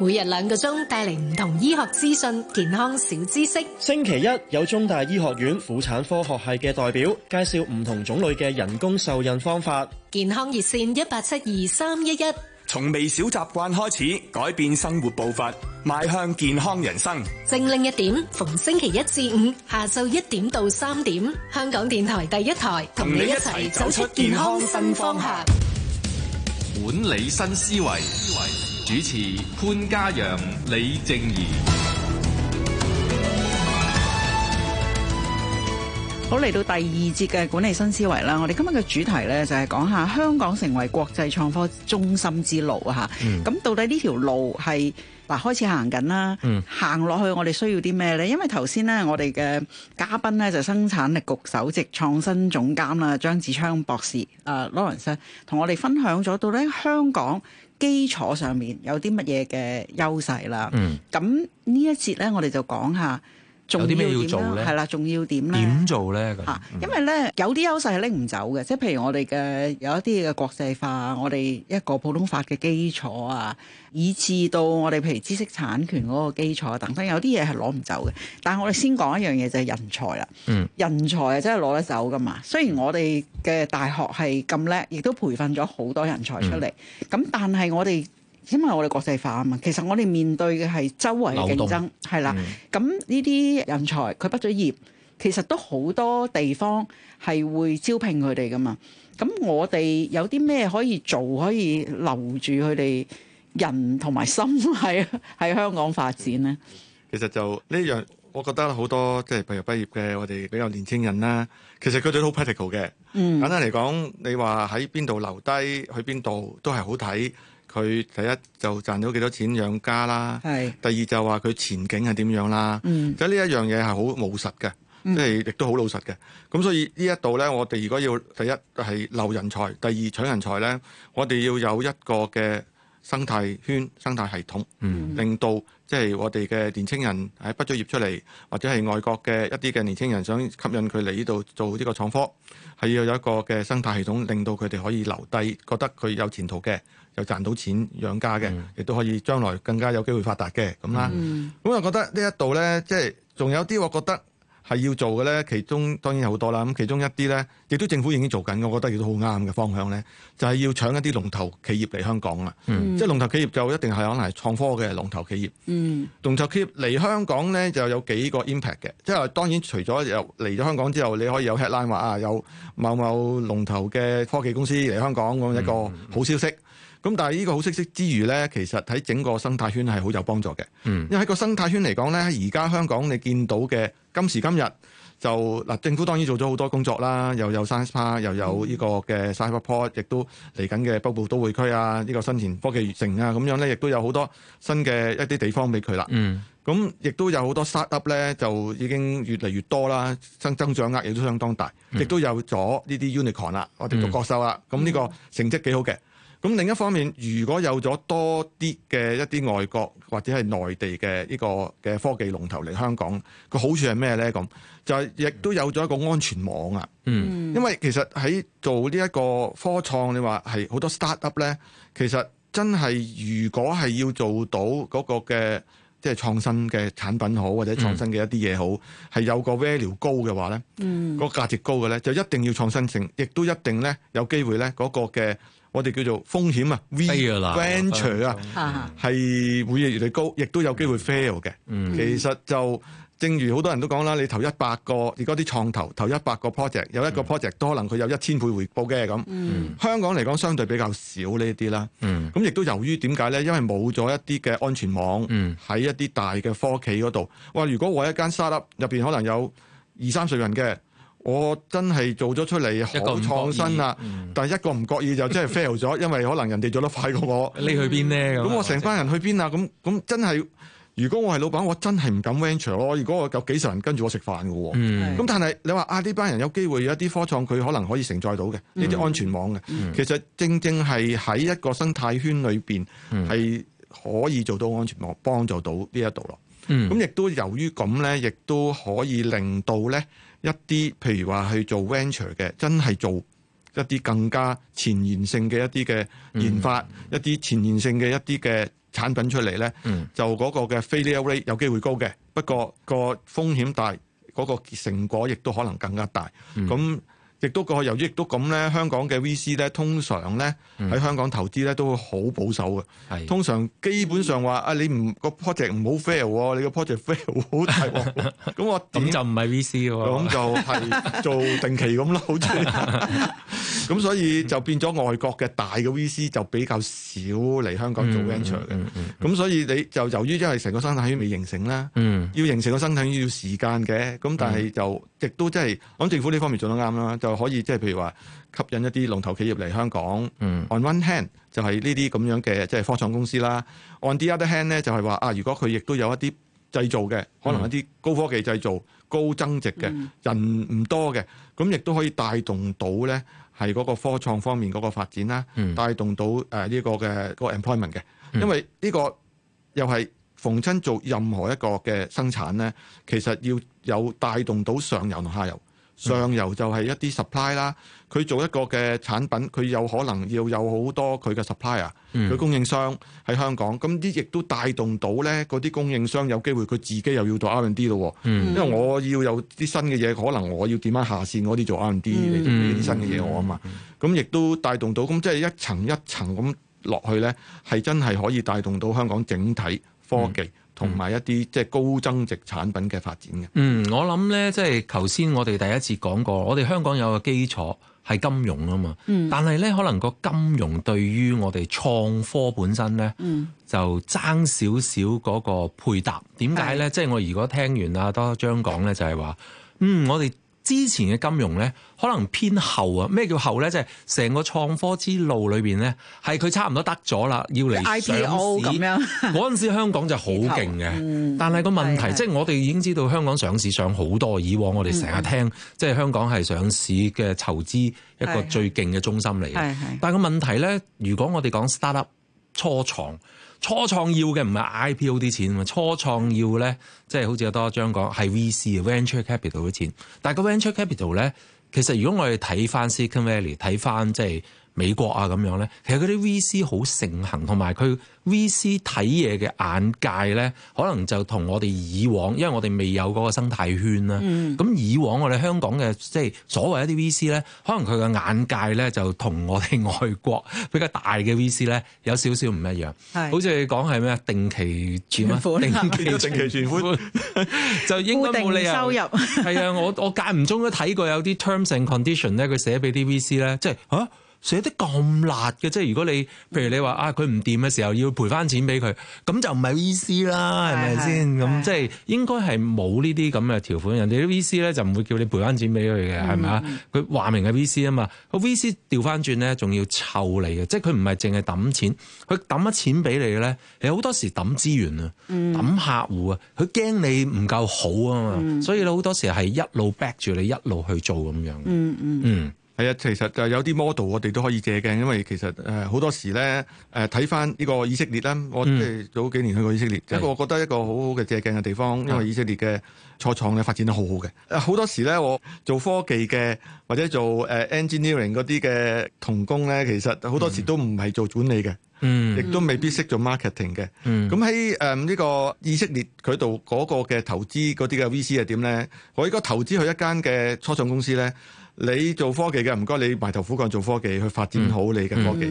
Speaker 7: 每日兩個鐘，帶嚟唔同醫學資訊、健康小知識。星期一有中大醫學院婦產科學系嘅代表介紹唔同種類嘅人工受孕方法。健康熱線一八七二三一一。從微
Speaker 1: 小習慣開始，改變生活步伐，邁向健康人生。
Speaker 7: 精靈一點，逢星期一至五下晝一點到三點，香港電台第一台同你一齊走出健康新方向。
Speaker 3: 管理新思維，思維，主持潘嘉陽、李靜宜。
Speaker 2: 好，嚟到第二節嘅管理新思維啦，我哋今日嘅主題咧就係講下香港成為國際創科中心之路啊吓。咁、嗯、到底呢條路係，嗱開始行緊啦，行落、嗯、去我哋需要啲咩咧？因為頭先咧我哋嘅嘉賓咧就生產力局首席創新總監啦張梓昌博士，啊、呃、Lawrence 同我哋分享咗到咧香港基礎上面有啲乜嘢嘅優勢啦。咁呢、嗯、一節咧我哋就講下。仲有啲咩要做咧？係啦，仲要點啦？點做咧？吓、嗯，因為咧有啲優勢係拎唔走嘅，即係譬如我哋嘅有一啲嘅國際化，我哋一個普通法嘅基礎啊，以至到我哋譬如知識產權嗰個基礎啊等等，有啲嘢係攞唔走嘅。但係我哋先講一樣嘢就係人才啦。嗯。人才啊，真係攞得走噶嘛？雖然我哋嘅大學係咁叻，亦都培訓咗好多人才出嚟。咁、嗯嗯、但係我哋。因為我哋國際化啊嘛，其實我哋面對嘅係周圍嘅競爭，係啦動。咁呢啲人才佢畢咗業，其實都好多地方係會招聘佢哋噶嘛。咁我哋有啲咩可以做，可以留住佢哋人同埋心，係喺香港發展咧？
Speaker 1: 其實就呢樣，我覺得好多即係譬如畢業嘅我哋比較年青人啦。其實佢哋都好 practical 嘅。嗯，簡單嚟講，你話喺邊度留低，去邊度都係好睇。佢第一就賺咗幾多錢養家啦。係是。第二就話佢前景係點樣啦。嗯。嗯，即係呢一樣嘢係好務實嘅，即係亦都好老實嘅。咁所以呢一度呢，我哋如果要第一係留人才，第二搶人才呢，我哋要有一個嘅生態圈生態，嗯、生態系統，令到即係我哋嘅年青人喺畢咗業出嚟，或者係外國嘅一啲嘅年青人想吸引佢嚟呢度做呢個創科，係要有一個嘅生態系統，令到佢哋可以留低，覺得佢有前途嘅。有賺到錢養家嘅，嗯、亦都可以將來更加有機會發達嘅咁啦。咁我覺得呢一度呢，即係仲有啲我覺得係要做嘅呢。其中當然有好多啦。咁其中一啲呢，亦都政府已經做緊，我覺得亦都好啱嘅方向呢，就係、是、要搶一啲龍頭企業嚟香港啦。嗯、即係龍頭企業就一定係可能係創科嘅龍頭企業。嗯、龍頭企業嚟香港呢，就有幾個 impact 嘅，即係當然除咗由嚟咗香港之後，你可以有 headline 話啊，有某某龍頭嘅科技公司嚟香港咁一個好消息。嗯嗯咁但係呢個好息息之餘咧，其實喺整個生態圈係好有幫助嘅。嗯、因為喺個生態圈嚟講咧，而家香港你見到嘅今時今日就嗱，政府當然做咗好多工作啦，又有 Science Park，又有呢個嘅 Cyberport，亦、嗯、都嚟緊嘅北部都會區啊，呢、呢個新田科技城啊，咁樣咧亦都有好多新嘅一啲地方俾佢啦。咁亦、嗯嗯、都有好多 startup 咧，up 就已經越嚟越多啦，增增長額亦都相當大，亦、嗯、都有咗呢啲 unicorn 啦，我哋叫獨角獸啦。咁呢個成績幾好嘅。咁另一方面，如果有咗多啲嘅一啲外國或者係內地嘅呢個嘅科技龍頭嚟香港，個好處係咩咧？咁就係亦都有咗一個安全網啊。嗯，因為其實喺做呢一個科創，你話係好多 start-up 咧，其實真係如果係要做到嗰個嘅即係創新嘅產品好，或者創新嘅一啲嘢好，係有個 value 高嘅話咧，嗯、個價值高嘅咧，就一定要創新性，亦都一定咧有機會咧嗰個嘅。我哋叫做風險啊，venture 啊，係會、啊、越嚟越高，亦都有機會 fail 嘅。嗯、其實就正如好多人都講啦，你投一百個，而家啲創投投一百個 project，有一個 project 都可能佢有一千倍回報嘅咁。嗯、香港嚟講，相對比較少呢啲啦。咁亦、嗯、都由於點解咧？因為冇咗一啲嘅安全網喺一啲大嘅科技嗰度。話，如果我一間 startup 入邊可能有二三十人嘅。我真係做咗出嚟好創新啦，但係一個唔覺意就真係 fail 咗， 因為可能人哋做得快過我。 你去邊呢？咁我成班人去邊啊？咁咁真係，如果我係老闆，我真係唔敢 venture 咯。如果我有幾十人跟住我食飯嘅喎，咁、嗯嗯、但係你話啊，呢班人有機會有一啲科創，佢可能可以承載到嘅呢啲安全網嘅。嗯、其實正正係喺一個生態圈裏邊係可以做到安全網，幫助到呢一度咯。咁亦都由於咁呢，亦都可以令到呢。一啲譬如話去做 venture 嘅，真係做一啲更加前沿性嘅一啲嘅研發，嗯、一啲前沿性嘅一啲嘅產品出嚟咧，嗯、就嗰個嘅 failure rate 有機會高嘅。不過個風險大，嗰、嗰個成果亦都可能更加大。咁、嗯。亦都個由於亦都咁咧，香港嘅 VC 咧通常咧喺香港投資咧都會好保守嘅。係通常基本上話啊，你唔個 project 唔好 fail，你個 project fail 好大喎。咁我點就唔係 VC 喎？咁就係做定期咁啦，好啲。咁所以就變咗外國嘅大嘅 VC 就比較少嚟香港做 venture 嘅。咁所以你就由於即係成個生態圈未形成啦，要形成個生態圈要時間嘅。咁但係就亦都即係諗政府呢方面做得啱啦。就可以即係譬如話吸引一啲龍頭企業嚟香港。嗯，On one hand 就係呢啲咁樣嘅即係科創公司啦。On the other hand 咧就係話啊，如果佢亦都有一啲製造嘅，可能一啲高科技製造、高增值嘅人唔多嘅，咁亦都可以帶動到咧係嗰個科創方面嗰個發展啦，嗯，帶動到誒呢個嘅個 employment 嘅，因為呢個又係逢親做任何一個嘅生產咧，其實要有帶動到上游同下游。上游就係一啲 supply 啦，佢做一個嘅產品，佢有可能要有好多佢嘅 supplier，佢、嗯、供應商喺香港，咁啲亦都帶動到咧嗰啲供應商有機會佢自己又要做 R&D 咯，嗯、因為我要有啲新嘅嘢，可能我要點樣下線嗰啲做 R&D、嗯、你做啲新嘅嘢我啊嘛，咁亦都帶動到，咁即係一層一層咁落去咧，係真係可以帶動到香港整體科技。嗯同埋一啲即係高增值產品嘅發展嘅。嗯，
Speaker 3: 我諗呢，即係頭先我哋第一次講過，我哋香港有個基礎係金融啊嘛。嗯。但係呢，可能個金融對於我哋創科本身呢，嗯、就爭少少嗰個配搭。點解呢？是即係我如果聽完阿 Doctor 張講呢，就係、是、話，嗯，我哋。之前嘅金融呢，可能偏後啊！咩叫後呢？即係成個創科之路裏邊呢，係佢差唔多得咗啦，要嚟 IPO 咁樣。嗰陣時香港就好勁嘅， 嗯、但係個問題，即係是我哋已經知道香港上市上好多。以往我哋成日聽，即係是香港係上市嘅籌資一個最勁嘅中心嚟嘅。是是是但係個問題呢，如果我哋講 startup 初創。初創要嘅唔係 IPO 啲錢啊嘛。初創要咧即係好似有多張講係 VC 啊 Venture Capital 啲錢，但係個 Venture Capital 咧，其實如果我哋睇返 Silicon Valley 睇返，即係美國啊咁樣咧，其實嗰啲 VC 好盛行，同埋佢 VC 睇嘢嘅眼界咧，可能就同我哋以往，因為我哋未有嗰個生態圈啦。咁、嗯、以往我哋香港嘅即係所謂一啲 VC 咧，可能佢嘅眼界咧就同我哋外國比較大嘅 VC 咧有少少唔一樣。是好似你講係咩啊？定期存款，定期存款就應該冇定收入。 係啊，我我間唔中都睇過有啲 terms and conditions 咧，佢寫俾啲 VC 咧，即係嚇。寫得咁辣嘅，即係如果你，譬如你話啊，佢唔掂嘅時候要賠翻錢俾佢，咁就唔係 V C 啦，係咪先？咁是即係應該係冇呢啲咁嘅條款。人哋啲 V C 咧就唔會叫你賠翻錢俾佢嘅，係咪啊？佢話、嗯、明係 V C 啊嘛，個 V C 調翻轉咧，仲要湊你嘅，即係佢唔係淨係揼錢，佢揼咗錢俾你嘅咧？你好多時揼資源啊，揼、嗯、客戶啊，佢驚你唔夠好啊嘛，嗯、所以咧好多時係一路 back 住你一路去做咁樣。
Speaker 4: 嗯嗯嗯。嗯
Speaker 1: 係啊，其實就有啲 model 我哋都可以借鏡，因為其實誒好、呃、多時咧誒睇翻呢、呃、個以色列啦，嗯、我即係早幾年去過以色列，一個是的 我覺得一個好好嘅借鏡嘅地方，是的 因為以色列嘅初創咧發展得好好嘅。誒、呃、好多時咧，我做科技嘅或者做誒、呃、engineering 嗰啲嘅同工咧，其實好多時都唔係做管理嘅，嗯，亦都未必識做 marketing 嘅。咁喺誒呢個以色列佢度嗰個嘅投資嗰啲嘅 VC 係點咧？我應該投資去一間嘅初創公司咧。呢你做科技嘅，唔該你埋頭苦幹做科技，去發展好你嘅科技。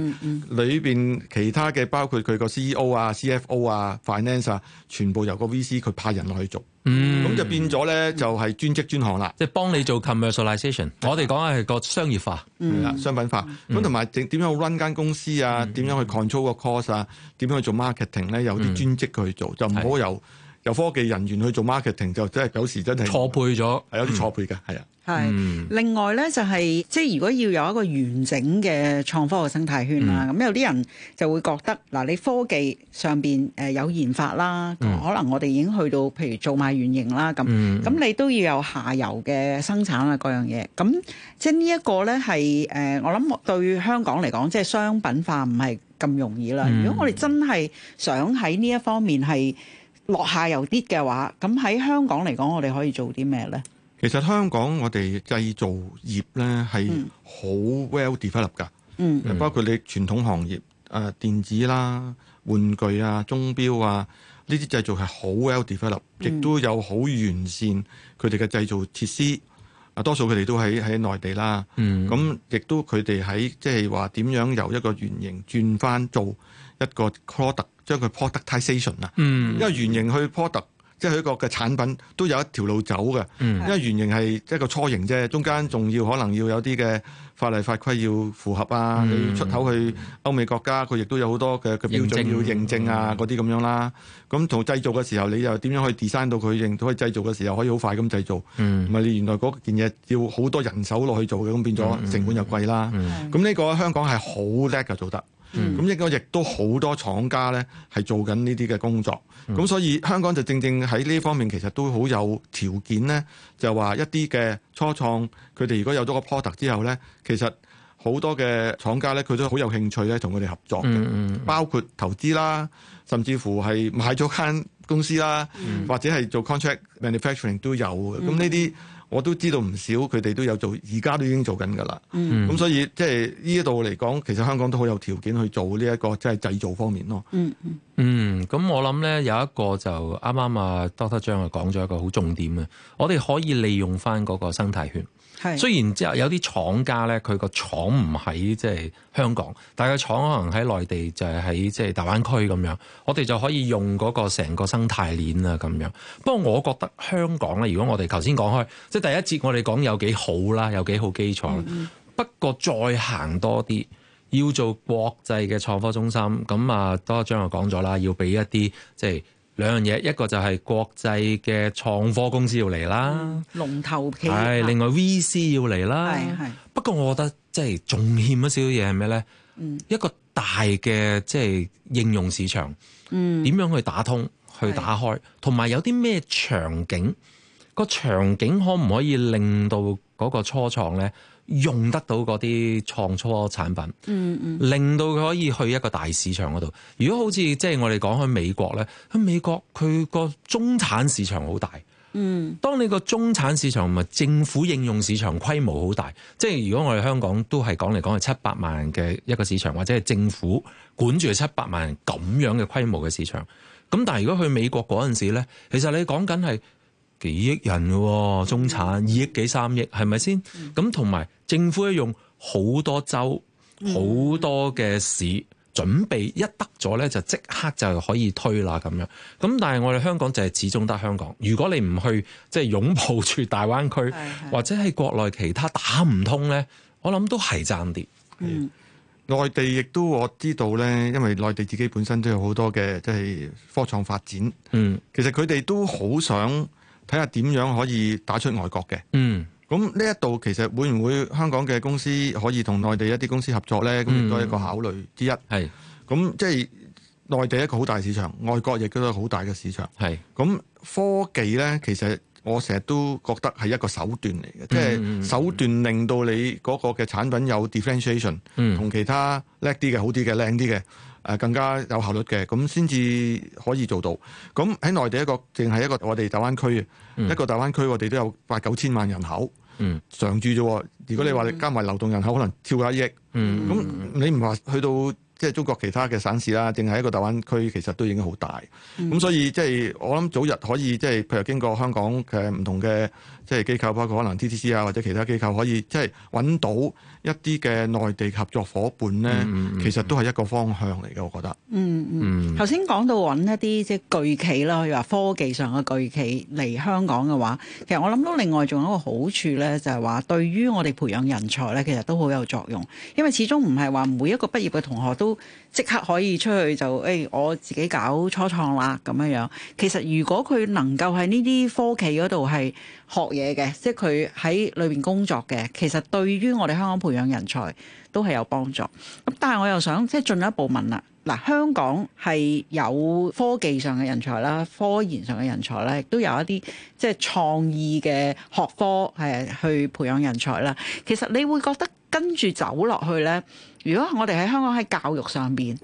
Speaker 1: 裏邊其他嘅包括佢個 CEO 啊、CFO 啊、finance 啊，全部由個 VC 佢派人落去做。咁就變咗咧，就係專職專項啦，即係幫你做 commercialization。我哋講係個商業化、商品化。咁同埋點點樣 run 間公司啊？點樣去 control 個 course 啊？點樣去做 marketing 咧？有啲專職去做，就唔好由由科技人員去做 marketing，就即係有時真係錯配咗，係有啲錯配嘅，係啊。
Speaker 2: 係，另外咧就係、是、即係如果要有一個完整嘅創科嘅生態圈啦，咁、嗯、有啲人就會覺得嗱，你科技上邊誒有研發啦，嗯、可能我哋已經去到譬如做埋原型啦咁，咁、嗯、你都要有下游嘅生產啊各樣嘢，咁即係呢一個咧係誒我諗對香港嚟講，即、就、係、是、商品化唔係咁容易啦。嗯、如果我哋真係想喺呢一方面係落下游啲嘅話，咁喺香港嚟講，我哋可以做啲咩咧？
Speaker 1: 其實香港我哋製造業咧係好 well developed 㗎，嗯、包括你傳統行業啊、呃、電子啦、玩具鐘啊、鐘錶啊呢啲製造係好 well developed，亦、嗯、都有好完善佢哋嘅製造設施。啊，多數佢哋都喺喺內地啦。咁亦、嗯嗯、都佢哋喺即係話點樣由一個原型轉返做一個 product 將佢 productization 啊、嗯，因為原型去 product 即係佢一個嘅產品都有一條路走嘅，嗯、因為原型係一個初型啫，中間仲要可能要有啲嘅法例法規要符合啊，嗯、你出口去歐美國家，佢亦都有好多嘅標準要認證啊，嗰啲咁樣啦。咁同製造嘅時候，你又點樣去 design 到佢認？可以製造嘅時候可以好快咁製造，唔係你原來嗰件嘢要好多人手落去做嘅，咁變咗成，成本又貴啦。咁呢、嗯嗯、個香港係好叻㗎，做得。咁應該亦都好多廠家咧係做緊呢啲嘅工作，咁、嗯、所以香港就正正喺呢方面其實都好有條件咧，就話一啲嘅初創佢哋如果有咗個 product 之後咧，其實好多嘅廠家咧佢都好有興趣咧同佢哋合作嘅，嗯嗯、包括投資啦，甚至乎係買咗間公司啦，嗯、或者係做 contract manufacturing 都有嘅，咁呢啲。我都知道唔少，佢哋都有做，而家都已經做緊㗎啦。咁、嗯、所以即係呢一度嚟講，其實香港都好有條件去做呢、這、一個即係、就是、製造方面咯。嗯
Speaker 3: 嗯、咁我諗咧有一個就啱啱啊 Doctor 張啊講咗一個好重點嘅，我哋可以利用翻嗰個生態圈。是雖然之後有啲廠家咧，佢個廠唔喺即係香港，但係個廠可能喺內地，就係喺即係大灣區咁樣。我哋就可以用嗰個成個生態鏈啊咁樣。不過我覺得香港咧，如果我哋頭先講開，即係第一節我哋講有幾好啦，有幾好基礎啦。嗯嗯。不過再行多啲，要做國際嘅創科中心。咁啊，多阿張就講咗啦，要俾一啲即係。兩樣嘢，一個就係國際嘅創科公司要嚟啦、嗯，
Speaker 2: 龍頭企業。係。另外
Speaker 3: VC 要嚟啦。係係。不過我覺得即係仲欠咗少少嘢係咩咧？嗯、一個大嘅即係應用市場，點、嗯、樣去打通、去打開，同埋係有啲咩場景，個場景可唔可以令到嗰個初創咧？用得到嗰啲創科產品，嗯嗯，令到佢可以去一個大市場嗰度。如果好似即係我哋講去美國咧，喺美國佢個中產市場好大。
Speaker 4: 嗯，
Speaker 3: 當你個中產市場咪政府應用市場規模好大。即係如果我哋香港都係講嚟講係七百萬嘅一個市場，或者係政府管住七百萬咁樣嘅規模嘅市場。咁但係如果去美國嗰陣時咧，其實你講緊係。幾億人嘅中產，嗯、二億幾三億，係咪先？咁同埋政府咧用好多州、好多嘅市、嗯、準備，一得咗呢，就即刻就可以推啦咁樣。咁但係我哋香港就係始終得香港。如果你唔去即係、就是、擁抱住大灣區，嗯、或者喺國內其他打唔通呢，我諗都係
Speaker 1: 爭啲。嗯，內地亦都我知道呢，因為內地自己本身都有好多嘅即係科創發展。嗯，其實佢哋都好想。睇下點樣可以打出外國嘅，嗯，咁呢一度其實會唔會香港嘅公司可以同內地一啲公司合作呢，咁亦都一個考慮之一，係、嗯，咁即係內地一個好大市場，外國亦都係好大嘅市場，係是。咁科技呢，其實我成日都覺得係一個手段嚟嘅，嗯、即係手段令到你嗰個嘅產品有 differentiation，同、嗯、其他叻啲嘅、好啲嘅、靚啲嘅。誒更加有效率嘅，咁先至可以做到。咁喺內地一個，淨係一個我哋大灣區，嗯、一個大灣區，我哋都有八九千萬人口、嗯、常住啫。如果你話你加埋流動人口，可能超過一億。咁、嗯、你唔話去到即係中國其他嘅省市啦，淨係一個大灣區，其實都已經好大。咁、嗯、所以即係我諗，早日可以即係譬如經過香港嘅唔同嘅。即係機構，包括可能 TTC 啊，或者其他機構，可以即係揾到一啲嘅內地合作伙伴咧，嗯嗯、其實都係一個方向嚟嘅，我覺得。
Speaker 2: 嗯嗯。頭先講到揾一啲即係巨企啦，又話科技上嘅巨企嚟香港嘅話，其實我諗到另外仲有一個好處咧，就係、是、話對於我哋培養人才咧，其實都好有作用，因為始終唔係話每一個畢業嘅同學都即刻可以出去就誒、欸、我自己搞初創啦咁樣樣。其實如果佢能夠喺呢啲科技嗰度係。學嘢嘅，即係佢喺裏邊工作嘅，其實對於我哋香港培養人才都係有幫助。咁但係我又想即係進一步問啦，嗱，香港係有科技上嘅人才啦，科研上嘅人才啦，亦都有一啲即係創意嘅學科，係去培養人才啦。其實你會覺得跟住走落去咧，如果我哋喺香港喺教育上邊，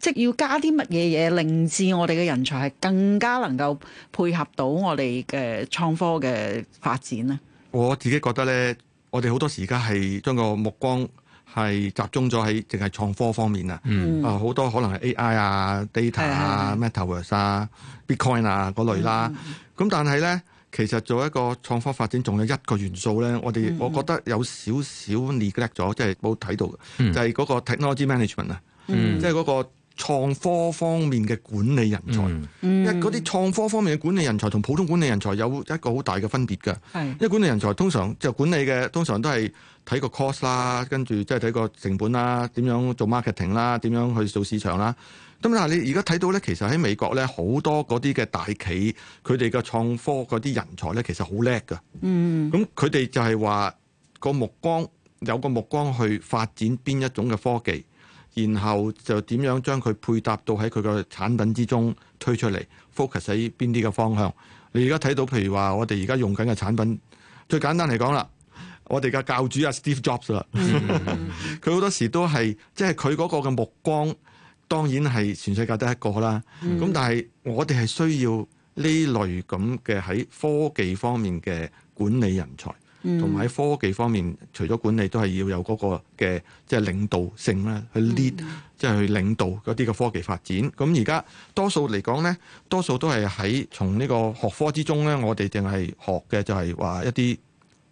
Speaker 2: 即係要加啲乜嘢嘢，令至我哋嘅人才係更加能夠配合到我哋嘅創科嘅發展
Speaker 1: 啊，我自己覺得咧，我哋好多時而家係將個目光係集中咗喺淨係創科方面啊，啊好、嗯呃、多可能係 AI 啊、data 啊、嗯、metaverse 啊、bitcoin 啊嗰類啦。咁、嗯、但係咧，其實做一個創科發展仲有一個元素咧，我哋我覺得有少少 neglect 咗，即係冇睇到嘅，就係、是、嗰、嗯、個 technology management 啊、嗯，即係嗰個。創科方面嘅管理人才，嗯、因為嗰啲創科方面嘅管理人才同普通管理人才有一個好大嘅分別嘅。是因為管理人才通常就係、管理嘅，通常都係睇個 cost 啦，跟住即係睇個成本啦，點樣做 marketing 啦，點樣去做市場啦。咁但係，你而家睇到咧，其實喺美國咧好多嗰啲嘅大企，佢哋嘅創科嗰啲人才咧，其實好叻㗎。
Speaker 4: 咁
Speaker 1: 佢哋就係話、嗰個目光有個目光去發展邊一種嘅科技。然後就點樣將佢配搭到喺佢個產品之中推出嚟？focus 喺邊啲嘅方向？你而家睇到，譬如話我哋而家用緊嘅產品，最簡單嚟講啦，我哋嘅教主阿 Steve Jobs 啦、mm，佢、hmm. 好 多時都係即係佢嗰個嘅目光，當然係全世界得一個啦。咁、mm hmm. 但係我哋係需要呢類咁嘅喺科技方面嘅管理人才。同埋喺科技方面，除咗管理，都係要有嗰個嘅即係領導性咧，去 lead，即係去領導嗰啲嘅科技發展。咁而家多數嚟講咧，多數都係喺從呢個學科之中咧，我哋淨係學嘅就係話一啲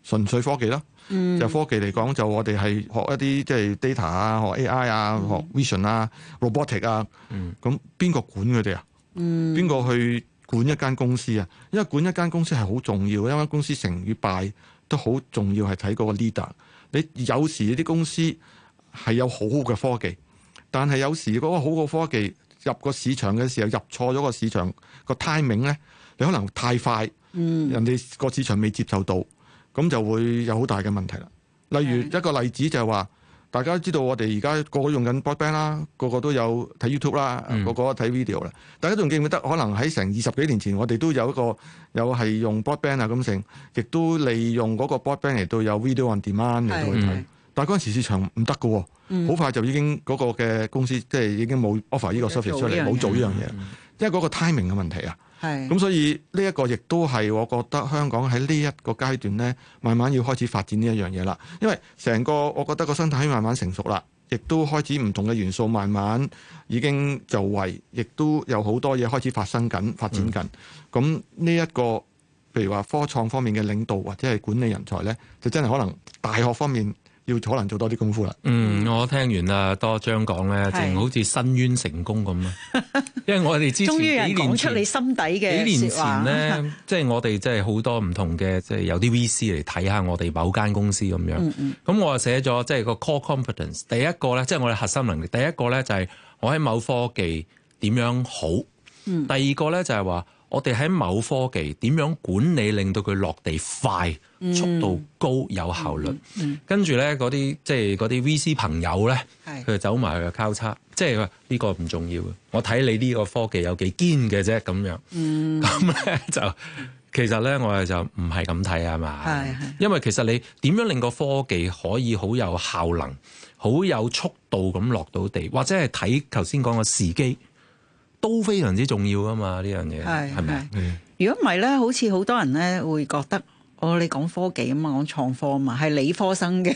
Speaker 1: 純粹科技咯。嗯、就科技嚟講就我哋係學一啲即係 data 啊，學 AI 啊、嗯，學 vision 啊，robotic 啊、嗯。咁邊個管佢哋啊？邊個、嗯、去管一間公司啊？因為管一間公司係好重要，因為一間公司成與敗。都好重要係睇嗰個 leader。你有時啲公司係有好好嘅科技，但係有時嗰個好嘅科技入個市場嘅時候入錯咗個市場個 timing 咧，你可能太快，嗯，人哋個市場未接受到，咁就會有好大嘅問題啦。例如一個例子就係話。大家都知道我哋而家個個用緊 broadband 啦，個個都有睇 YouTube 啦，個個睇 video 啦。大家仲記唔記得？可能喺成二十幾年前，我哋都有一個，又係用 broadband 啊咁成，亦都利用嗰個 broadband 嚟到有 video on demand 嚟到去睇。是的 嗯、但係嗰陣時市場唔得㗎，好快就已經嗰個嘅公司即係已經冇 offer 呢個 service 出嚟，冇做呢樣嘢，嗯、因為嗰個 timing 嘅問題啊。係，咁是所以呢一個亦都係我覺得香港喺呢一個階段呢，慢慢要開始發展呢一樣嘢啦。因為成個我覺得個生態慢慢成熟啦，亦都開始唔同嘅元素慢慢已經就位，亦都有好多嘢開始發生緊、發展緊。咁呢一個譬如話，科創方面嘅領導或者係管理人才呢，就真係可能大學方面，要可能做多啲功夫啦。
Speaker 3: 嗯，我聽完啊，多張講咧，就好似伸冤成功咁啊。 因為我哋之終於講出你
Speaker 2: 心底嘅幾年前咧，
Speaker 3: 即係我哋即係好多唔同嘅，即係有啲 VC 嚟睇下我哋某間公司咁樣。咁我啊寫咗即係個 core competence 第一個咧，即係我哋核心能力。第一個咧就係我喺某科技點樣好。 第二個咧就係話。我哋喺某科技點樣管理，令到佢落地快、速度高、有效率，嗯嗯嗯、跟住咧嗰啲即係嗰啲 VC 朋友咧，佢是就走埋去交叉，即係呢、呢個唔重要嘅。我睇你呢個科技有幾堅嘅啫，咁樣咁咧、嗯、就其實咧我哋就唔係咁睇啊嘛，因為其實你點樣令個科技可以好有效能、好有速度咁落到地，或者係睇頭先講嘅時機。都非常之重要噶嘛呢樣嘢，係咪？
Speaker 2: 如果唔係咧，好似好多人咧會覺得，哦，你講科技啊嘛，講創科啊嘛，係理科生嘅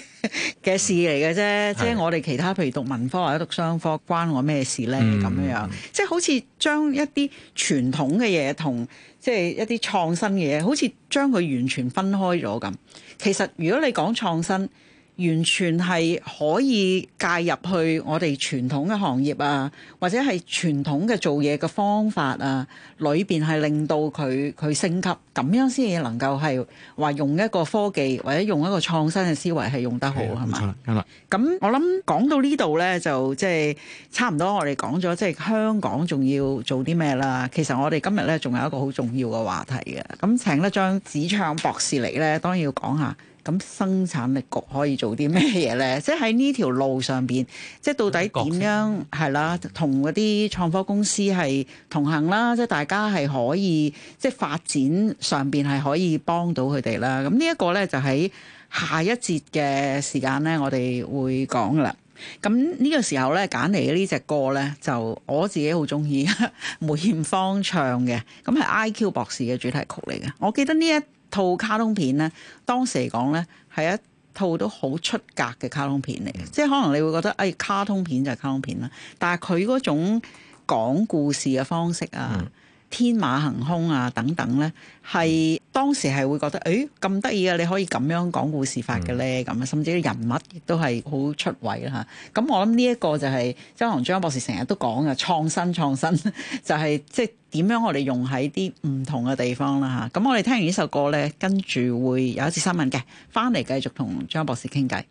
Speaker 2: 嘅 事嚟嘅啫。是即係我哋其他，譬如讀文科或者讀商科，關我咩事咧？咁樣、嗯、樣，即係好似將一啲傳統嘅嘢同即係一啲創新嘅嘢，好似將佢完全分開咗咁。其實如果你講創新，完全係可以介入去我哋傳統嘅行業啊，或者係傳統嘅做嘢嘅方法啊，裏邊係令到佢佢升級，咁樣先至能夠係話用一個科技或者用一個創新嘅思維係用得好係嘛？好啦的，咁吧我諗講到呢度咧，就即係差唔多我，我哋講咗即係香港仲要做啲咩啦？其實我哋今日咧仲有一個好重要嘅話題嘅，咁請咧張梓昌博士嚟咧，當然要講下。咁生產力局可以做啲咩嘢咧？即喺呢條路上邊，即到底點樣係啦，同嗰啲創科公司係同行啦，即大家係可以即發展上邊係可以幫到佢哋啦。咁呢一個咧就喺下一節嘅時間咧，我哋會講噶啦。咁呢個時候咧，揀嚟呢隻歌咧，就我自己好中意梅艷芳唱嘅，咁係 IQ 博士嘅主題曲嚟嘅。我記得呢一套卡通片咧，當時嚟講咧，係一套都好出格嘅卡通片嚟嘅，嗯、即係可能你會覺得，哎，卡通片就係卡通片啦，但係佢嗰種講故事嘅方式啊。嗯天馬行空啊，等等咧，係當時係會覺得誒咁得意啊！你可以咁樣講故事法嘅咧，咁、嗯、啊，甚至啲人物亦都係好出位啦嚇。咁我諗呢一個就係張行張博士成日都講嘅創新創新，就係即係點樣我哋用喺啲唔同嘅地方啦、啊、嚇。咁我哋聽完呢首歌咧，跟住會有一次新聞嘅翻嚟，繼續同張博士傾偈。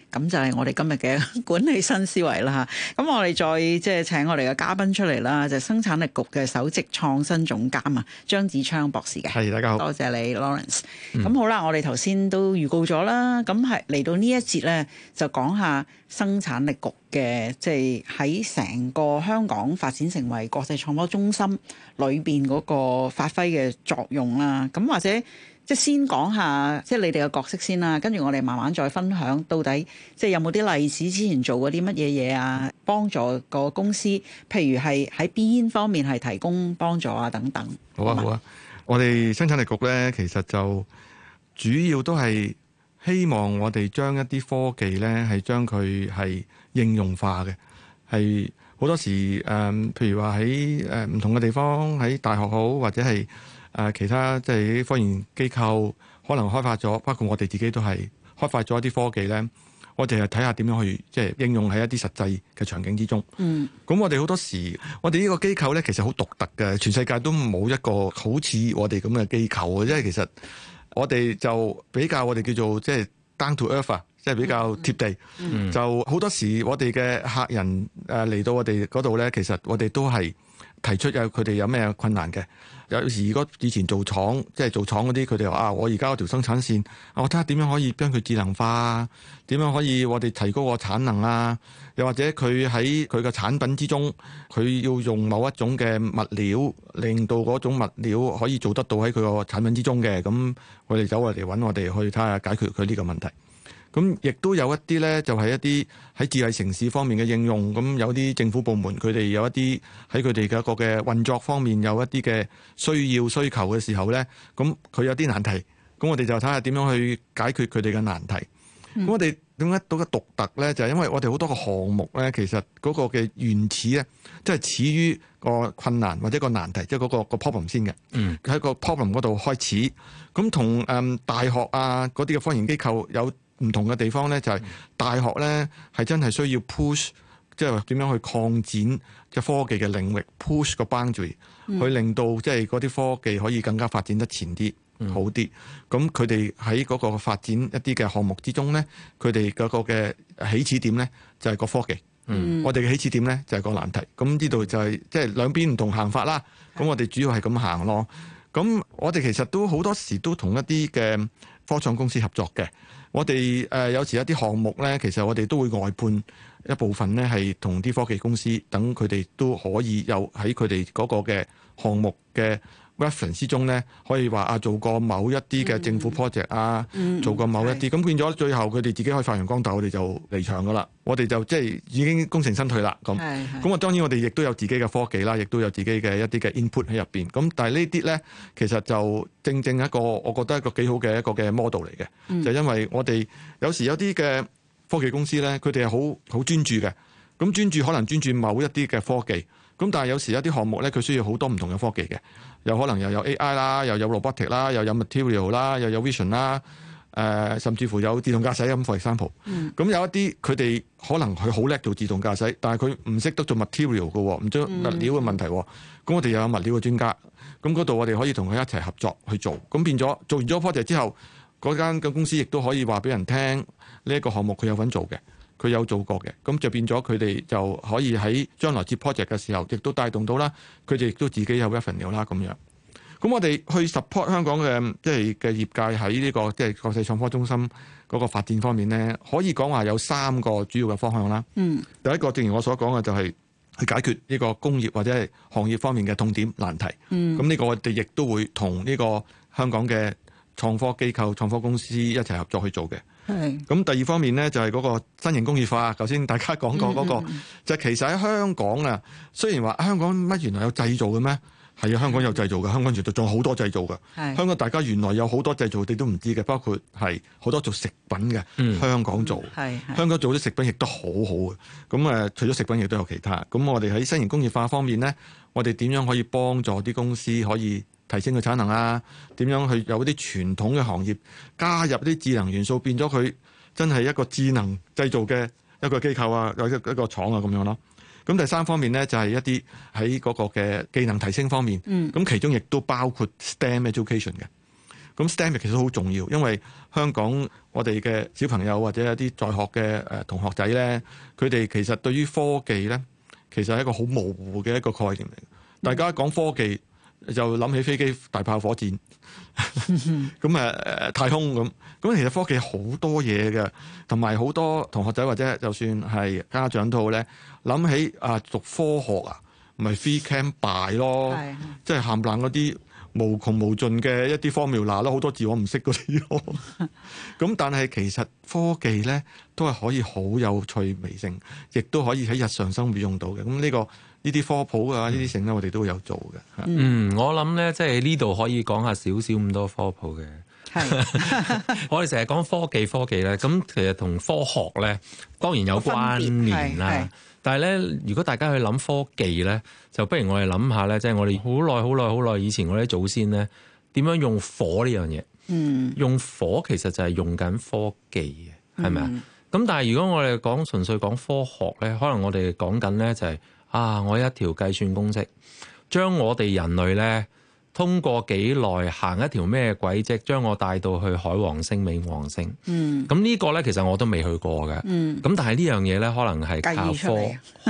Speaker 2: 咁就係我哋今日嘅管理新思維啦嚇，咁我哋再即係請我哋嘅嘉賓出嚟啦，就係、生產力局嘅首席創新總監啊，張梓昌博士嘅。係，大家好多謝你，Lawrence。咁、嗯、好啦，我哋頭先都預告咗啦，咁係嚟到呢一節咧，就講下生產力局嘅，即係喺成個香港發展成為國際創科中心裏邊嗰個發揮嘅作用啦，咁或者。即先講下，即係你哋嘅角色先啦，跟住我哋慢慢再分享到底，即係有冇啲例子之前做過啲乜嘢嘢啊？幫助個公司，譬如係喺邊方面係提供幫助啊等等。好啊嗎好啊，
Speaker 1: 我哋生產力局呢，其實就主要都係希望我哋將一啲科技呢，係將佢係應用化嘅，係好多時誒、呃，譬如話喺誒唔同嘅地方，喺大學好或者係。誒，其他即係啲科研機構可能開發咗，包括我哋自己都係開發咗一啲科技咧。我哋係睇下點樣去即係應用喺一啲實際嘅場景之中。嗯，咁我哋好多時，我哋呢個機構咧，其實好獨特嘅，全世界都冇一個好似我哋咁嘅機構啊。即係其實我哋就比較我哋叫做即係 down to earth，即係比較貼地。嗯，就好多時我哋嘅客人誒嚟到我哋嗰度咧，其實我哋都係提出有佢哋有咩困難嘅。有時如果以前做廠，即係做廠嗰啲，佢哋話啊，我而家嗰條生產線，我睇下點樣可以將佢智能化，點樣可以我哋提高個產能啊？又或者佢喺佢嘅產品之中，佢要用某一種嘅物料，令到嗰種物料可以做得到喺佢個產品之中嘅，咁我哋走過嚟搵我哋去睇下解決佢呢個問題。咁亦都有一啲呢，就係一啲。喺智慧城市方面嘅應用，咁有啲政府部門佢哋有一啲喺佢哋嘅一個嘅運作方面有一啲嘅需要需求嘅時候咧，咁佢有啲難題，咁我哋就睇下點樣去解決佢哋嘅難題，咁我哋點解到嘅獨特咧，就係因為我哋好多個項目咧，其實嗰個嘅原始咧，即係始於個困難或者個難題，即係嗰個個 problem 先嘅。嗯，喺個 problem 度開始，咁同誒大學啊嗰啲嘅科研機構有。唔同嘅地方咧，就係、是、大學咧，係真係需要 push，即係點樣去擴展即係科技嘅領域，push 個 boundary，嗯、去令到即係嗰啲科技可以更加發展得前啲、好啲。咁佢哋喺嗰個發展一啲嘅項目之中咧，佢哋嗰個嘅起始點咧就係、是、個科技。嗯、我哋嘅起始點咧就係、是、個難題。咁呢度就係即係兩邊唔同行法啦。咁我哋主要係咁行咯。咁我哋其實都好多時都同一啲嘅。科創公司合作嘅，我哋誒、呃、有時一啲項目咧，其實我哋都會外判一部分咧，係同啲科技公司等佢哋都可以有喺佢哋嗰個嘅項目嘅。reference 之中咧，可以話啊，做過某一啲嘅政府 project 啊，嗯、做過某一啲咁，是變咗最後佢哋自己可以發揚光大，我哋就離場噶啦。我哋就即係已經功成身退啦。咁咁啊，當然我哋亦都有自己嘅科技啦，亦都有自己嘅一啲嘅 input 喺入邊。咁但係呢啲咧，其實就正正一個我覺得一個幾好嘅一個嘅 model 嚟嘅，嗯、就因為我哋有時有啲嘅科技公司咧，佢哋係好好專注嘅，咁專注可能專注某一啲嘅科技，咁但係有時有啲項目咧，佢需要好多唔同嘅科技嘅。有可能又有 AI 啦，又有 robotic 啦，又有 material 啦，又有 vision 啦、呃。誒，甚至乎有自動駕駛咁 for example。咁、mm. 有一啲佢哋可能佢好叻做自動駕駛，但係佢唔識得做 material 嘅，唔知物料嘅問題。咁、mm. 我哋又有物料嘅專家，咁嗰度我哋可以同佢一齊合作去做。咁變咗做完咗 project 之後，嗰間嘅公司亦都可以話俾人聽呢一個項目佢有份做嘅。佢有做過嘅，咁就變咗佢哋就可以喺將來接 project 嘅時候，亦都帶動到啦。佢哋亦都自己有一份料啦。咁樣，咁我哋去 support 香港嘅即係嘅業界喺呢個即係國際創科中心嗰個發展方面咧，可以講話有三個主要嘅方向啦。嗯，第一個正如我所講嘅，就係去解決呢個工業或者係行業方面嘅痛點難題。嗯，咁呢個我哋亦都會同呢個香港嘅創科機構、創科公司一齊合作去做嘅。係，咁是第二方面咧，就係嗰個新型工業化。頭先大家講過嗰、嗰個，嗯、就其實喺香港啊，雖然話香港乜原來有製造嘅咩？係啊，香港有製造嘅，香港原來仲好多製造嘅。是香港大家原來有好多製造，你都唔知嘅，包括係好多做食品嘅，嗯、香港做，香港做啲食品亦都好好嘅。咁誒，除咗食品亦都有其他。咁我哋喺新型工業化方面咧，我哋點樣可以幫助啲公司可以？提升個產能啊！點樣去有啲傳統嘅行業加入啲智能元素，變咗佢真係一個智能製造嘅一個機構啊，有一個廠啊咁樣咯。咁第三方面咧，就係一啲喺嗰個嘅技能提升方面。咁、嗯、其中亦都包括 STEM education 嘅。咁 STEM 其實好重要，因為香港我哋嘅小朋友或者一啲在學嘅誒同學仔咧，佢哋其實對於科技咧，其實係一個好模糊嘅一個概念嚟。嗯、大家講科技。就諗起飛機、大炮、火箭，咁 誒、呃、太空咁。咁其實科技好多嘢嘅，同埋好多同學仔或者就算係家長都好咧諗起啊讀科學啊，咪 free cam b i e 咯，by, 即係冚唪唥嗰啲無窮無盡嘅一啲 formula 嗱啦，好多字我唔識嗰啲咯。咁 但係其實科技咧都係可以好有趣味性，亦都可以喺日常生活用到嘅。咁呢、呢個。呢啲科普啊，呢啲成咧，我哋都會有做嘅。
Speaker 3: 嗯，是我諗咧，即係呢度可以講下少少咁多科普嘅。是 我哋成日講科技科技咧，咁其實同科學咧當然有關聯啦。但係咧，如果大家去諗科技咧，就不如我哋諗下咧，即、就、係、是、我哋好耐好耐好耐以前我哋祖先咧，點樣用火呢樣嘢？嗯，用火其實就係用緊科技嘅，係咪啊？咁、嗯、但係如果我哋講純粹講科學咧，可能我哋講緊咧就係、是。啊！我一條計算公式，將我哋人類呢通過幾耐行一條咩軌跡，將我帶到去海王星、冥王星。嗯，咁呢個呢，其實我都未去過嘅。嗯，咁但係呢樣嘢呢，可能係靠科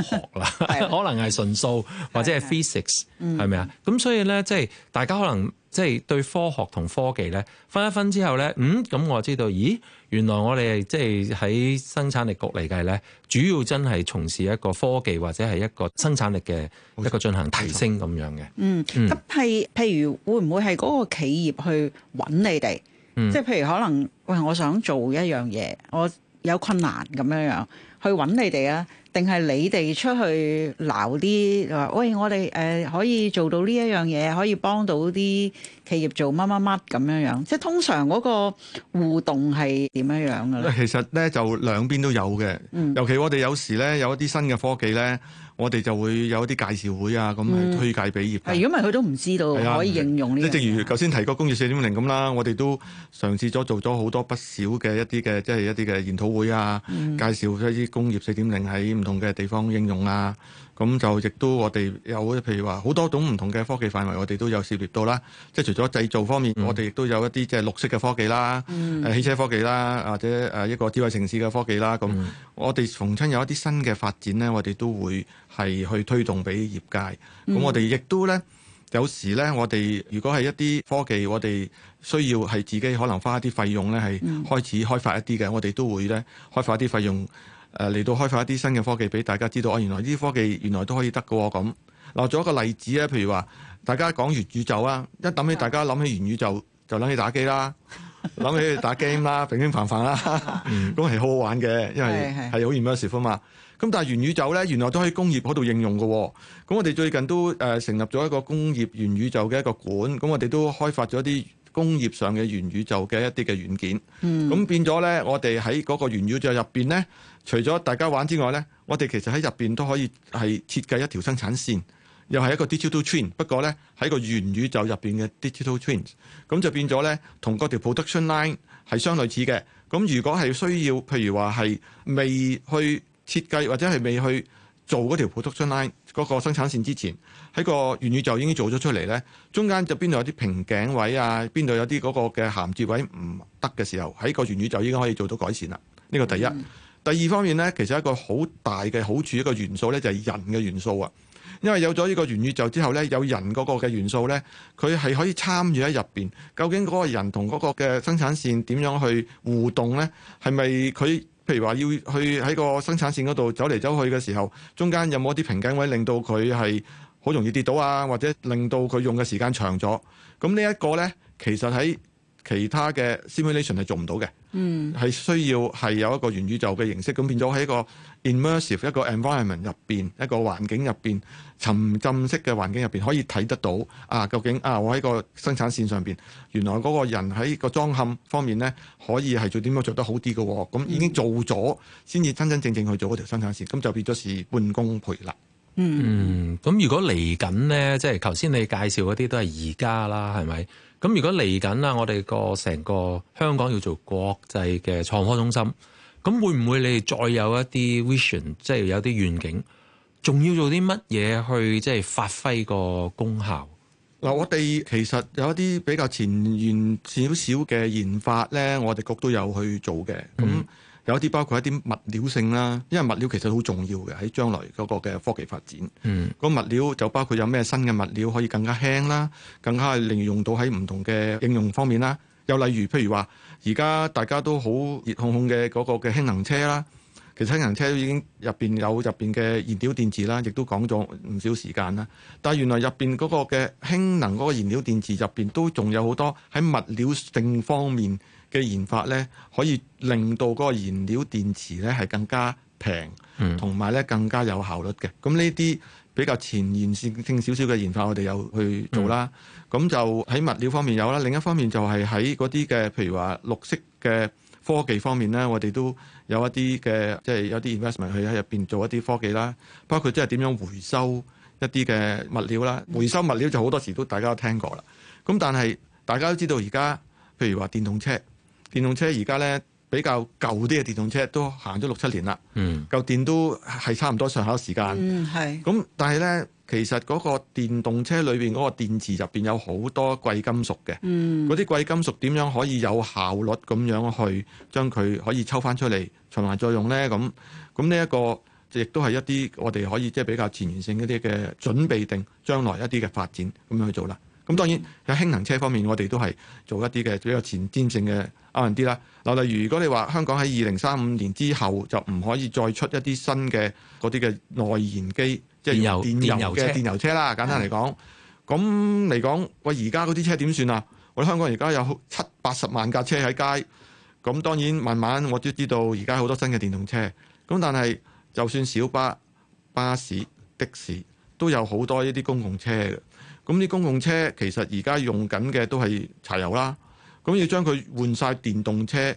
Speaker 3: 學啦，出 可能係純數或者係 physics，係咪啊、嗯？咁所以呢，即係大家可能。即係對科學同科技咧分一分之後咧，嗯，咁我知道，咦原來我哋即係喺生產力局嚟計咧，主要真係從事一個科技或者係一個生產力嘅一個進行提升咁樣嘅。嗯，
Speaker 2: 咁係、嗯、譬、譬如會唔會係嗰個企業去揾你哋？即係、嗯、譬如可能喂，我想做一樣嘢，我有困難咁樣樣去揾你哋啊。定係你哋出去鬧啲話，喂！我哋誒、呃、可以做到呢一樣嘢，可以幫到啲企業做乜乜乜咁樣樣。即係通常嗰個互動係點樣樣㗎咧？其
Speaker 1: 實咧就兩邊都有嘅，嗯、尤其我哋有時咧有一啲新嘅科技咧。我哋就會有一啲介紹會啊，咁係、嗯、推介俾業、啊。係，
Speaker 2: 如果唔係佢都唔知道可以應
Speaker 1: 用呢、啊。即正如頭先提過工業四點零咁啦，我哋都嘗試咗做咗好多不少嘅一啲嘅，即、就、係、係、一啲嘅研討會啊，介紹一啲工業四點零喺唔同嘅地方應用啊。咁就亦都我哋有，譬如話好多種唔同嘅科技範圍，我哋都有涉獵到啦。即係除咗製造方面，嗯、我哋亦都有一啲即係綠色嘅科技啦，誒、嗯啊、汽車科技啦，或者誒一個智慧城市嘅科技啦。咁、嗯、我哋逢親有一啲新嘅發展咧，我哋都會係去推動俾業界。咁、嗯、我哋亦都咧，有時咧，我哋如果係一啲科技，我哋需要係自己可能花一啲費用咧，係開始開發一啲嘅，我哋都會咧開發一啲費用。誒嚟、呃、到開發一啲新嘅科技俾大家知道，哦，原來呢啲科技原來都可以得㗎喎。咁攞、呃、做一個例子啊，譬如話，大家講元宇宙啊，一諗起大家諗起元宇宙，就諗起打機啦，諗 起打 game 啦， 平平凡凡啦，咁係好好玩嘅，因為係好 imageful 嘛。咁但係元宇宙咧，原來都喺工業嗰度應用嘅。咁我哋最近都誒、呃呃、成立咗一個工業元宇宙嘅一個館，咁我哋都開發咗啲工業上嘅元宇宙嘅一啲嘅軟件。咁變咗咧，我哋喺嗰個元宇宙入邊咧。嗯嗯除咗大家玩之外呢我哋其實喺入邊都可以係設計一條生產線，又係一個 digital twin。不過呢，喺個元宇宙入邊嘅 digital twins，咁就變咗呢同嗰條 production line 係相類似嘅。咁如果係需要，譬如話係未去設計或者係未去做嗰條 production line 嗰個生產線之前，喺個元宇宙已經做咗出嚟呢，中間就邊度有啲瓶頸位啊，邊度有啲嗰個嘅銜接位唔得嘅時候，喺個元宇宙已經可以做到改善啦。呢個第一。嗯第二方面呢，其實一個好大嘅好處一個元素呢，就係人嘅元素啊。因為有咗呢個元宇宙之後呢，有人嗰個嘅元素呢，佢係可以參與喺入邊。究竟嗰個人同嗰個嘅生產線點樣去互動呢？係咪佢譬如話要去喺個生產線嗰度走嚟走去嘅時候，中間有冇啲瓶頸位令到佢係好容易跌倒啊？或者令到佢用嘅時間長咗？咁呢一個呢，其實喺其他嘅 simulation 係做唔到嘅。係、嗯、需要係有一個元宇宙嘅形式，咁變咗喺個 immersive 一個 environment 入邊，一個環境入邊沉浸式嘅環境入邊可以睇得到啊。究竟啊，我喺個生產線上邊原來嗰個人喺個裝嵌方面咧，可以係做點樣做得好啲嘅。咁已經做咗先至真真正正去做嗰條生產線，咁就變咗是半功倍啦。
Speaker 3: 嗯，咁如果嚟緊咧，即係頭先你介紹嗰啲都係而家啦，係咪？咁如果嚟緊啦，我哋個成個香港要做國際嘅創科中心，咁會唔會你哋再有一啲 vision，即係有啲願景，仲要做啲乜嘢去即係發揮個功效？
Speaker 1: 嗱、嗯，我哋其實有一啲比較前沿少少嘅研發咧，我哋局都有去做嘅。有啲包括一啲物料性啦，因為物料其實好重要嘅喺將來嗰個嘅科技發展。嗯，個物料就包括有咩新嘅物料可以更加輕啦，更加係利用到喺唔同嘅應用方面啦。又例如譬如話而家大家都好熱烘烘嘅嗰個嘅氫能車啦，其實氫能車都已經入邊有入邊嘅燃料電池啦，亦都講咗唔少時間啦。但係原來入邊嗰個嘅氫能嗰個燃料電池入邊都仲有好多喺物料性方面，嘅研發咧，可以令到嗰個燃料電池咧係更加平，同埋咧更加有效率嘅。咁呢啲比較前沿性少少嘅研發，我哋有去做啦。咁、mm. 就喺物料方面有啦，另一方面就係喺嗰啲嘅，譬如話綠色嘅科技方面咧，我哋都有一啲嘅，即係有啲 investment 去喺入邊做一啲科技啦。包括即係點樣回收一啲嘅物料啦，回收物料就好多時都大家都聽過啦。咁但係大家都知道而家，譬如話電動車。電動車而家呢，比較舊啲嘅電動車都行咗六七年啦，嗯、舊電都係差唔多上考時間。咁、嗯、但係呢，其實嗰個電動車裏邊嗰個電池入邊有好多貴金屬嘅，嗰啲、嗯、貴金屬點樣可以有效率咁樣去將佢可以抽翻出嚟循環再用呢？咁咁呢一個亦都係一啲我哋可以即係比較前瞻性一啲嘅準備定將來一啲嘅發展咁樣去做啦。咁當然喺輕能車方面，我哋都係做一啲嘅比較前瞻性嘅 R&D 啦。嗱，例如如果你話香港喺二零三五年之後就唔可以再出一啲新嘅嗰啲嘅內燃機，即係電油嘅電油車啦。簡單嚟講，咁嚟講，喂，而家嗰啲車點算啊？我哋香港而家有七八十萬架車喺街，咁當然慢慢我都知道而家好多新嘅電動車。咁但係就算小巴、巴士、的士都有好多一啲公共車。咁啲公共車其實而家用緊嘅都係柴油啦，咁要將佢換晒電動車。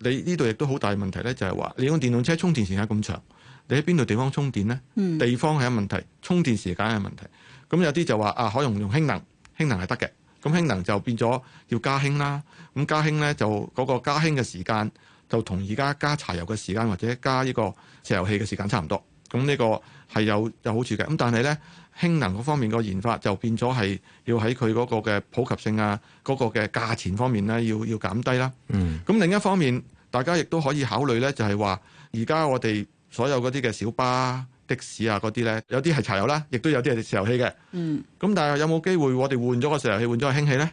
Speaker 1: 你呢度亦都好大問題咧，就係話你用電動車充電時間咁長，你喺邊度地方充電呢？地方係有問題，充電時間係問題。咁有啲就話啊，可以用用氫能，氫能係得嘅。咁氫能就變咗要加氫啦。咁加氫咧就嗰個加氫嘅時間就同而家加柴油嘅時間或者加呢個石油氣嘅時間差唔多。咁呢個係有有好處嘅。咁但係咧。氫能嗰方面個研發就變咗係要喺佢嗰個嘅普及性啊，嗰個嘅價錢方面咧要要減低啦。嗯，咁另一方面，大家亦都可以考慮咧，就係話而家我哋所有嗰啲嘅小巴、的士啊嗰啲咧，有啲係柴油啦，亦都有啲係石油氣嘅。嗯，咁但係有冇機會我哋換咗個石油氣，換咗個氫氣咧？嗰、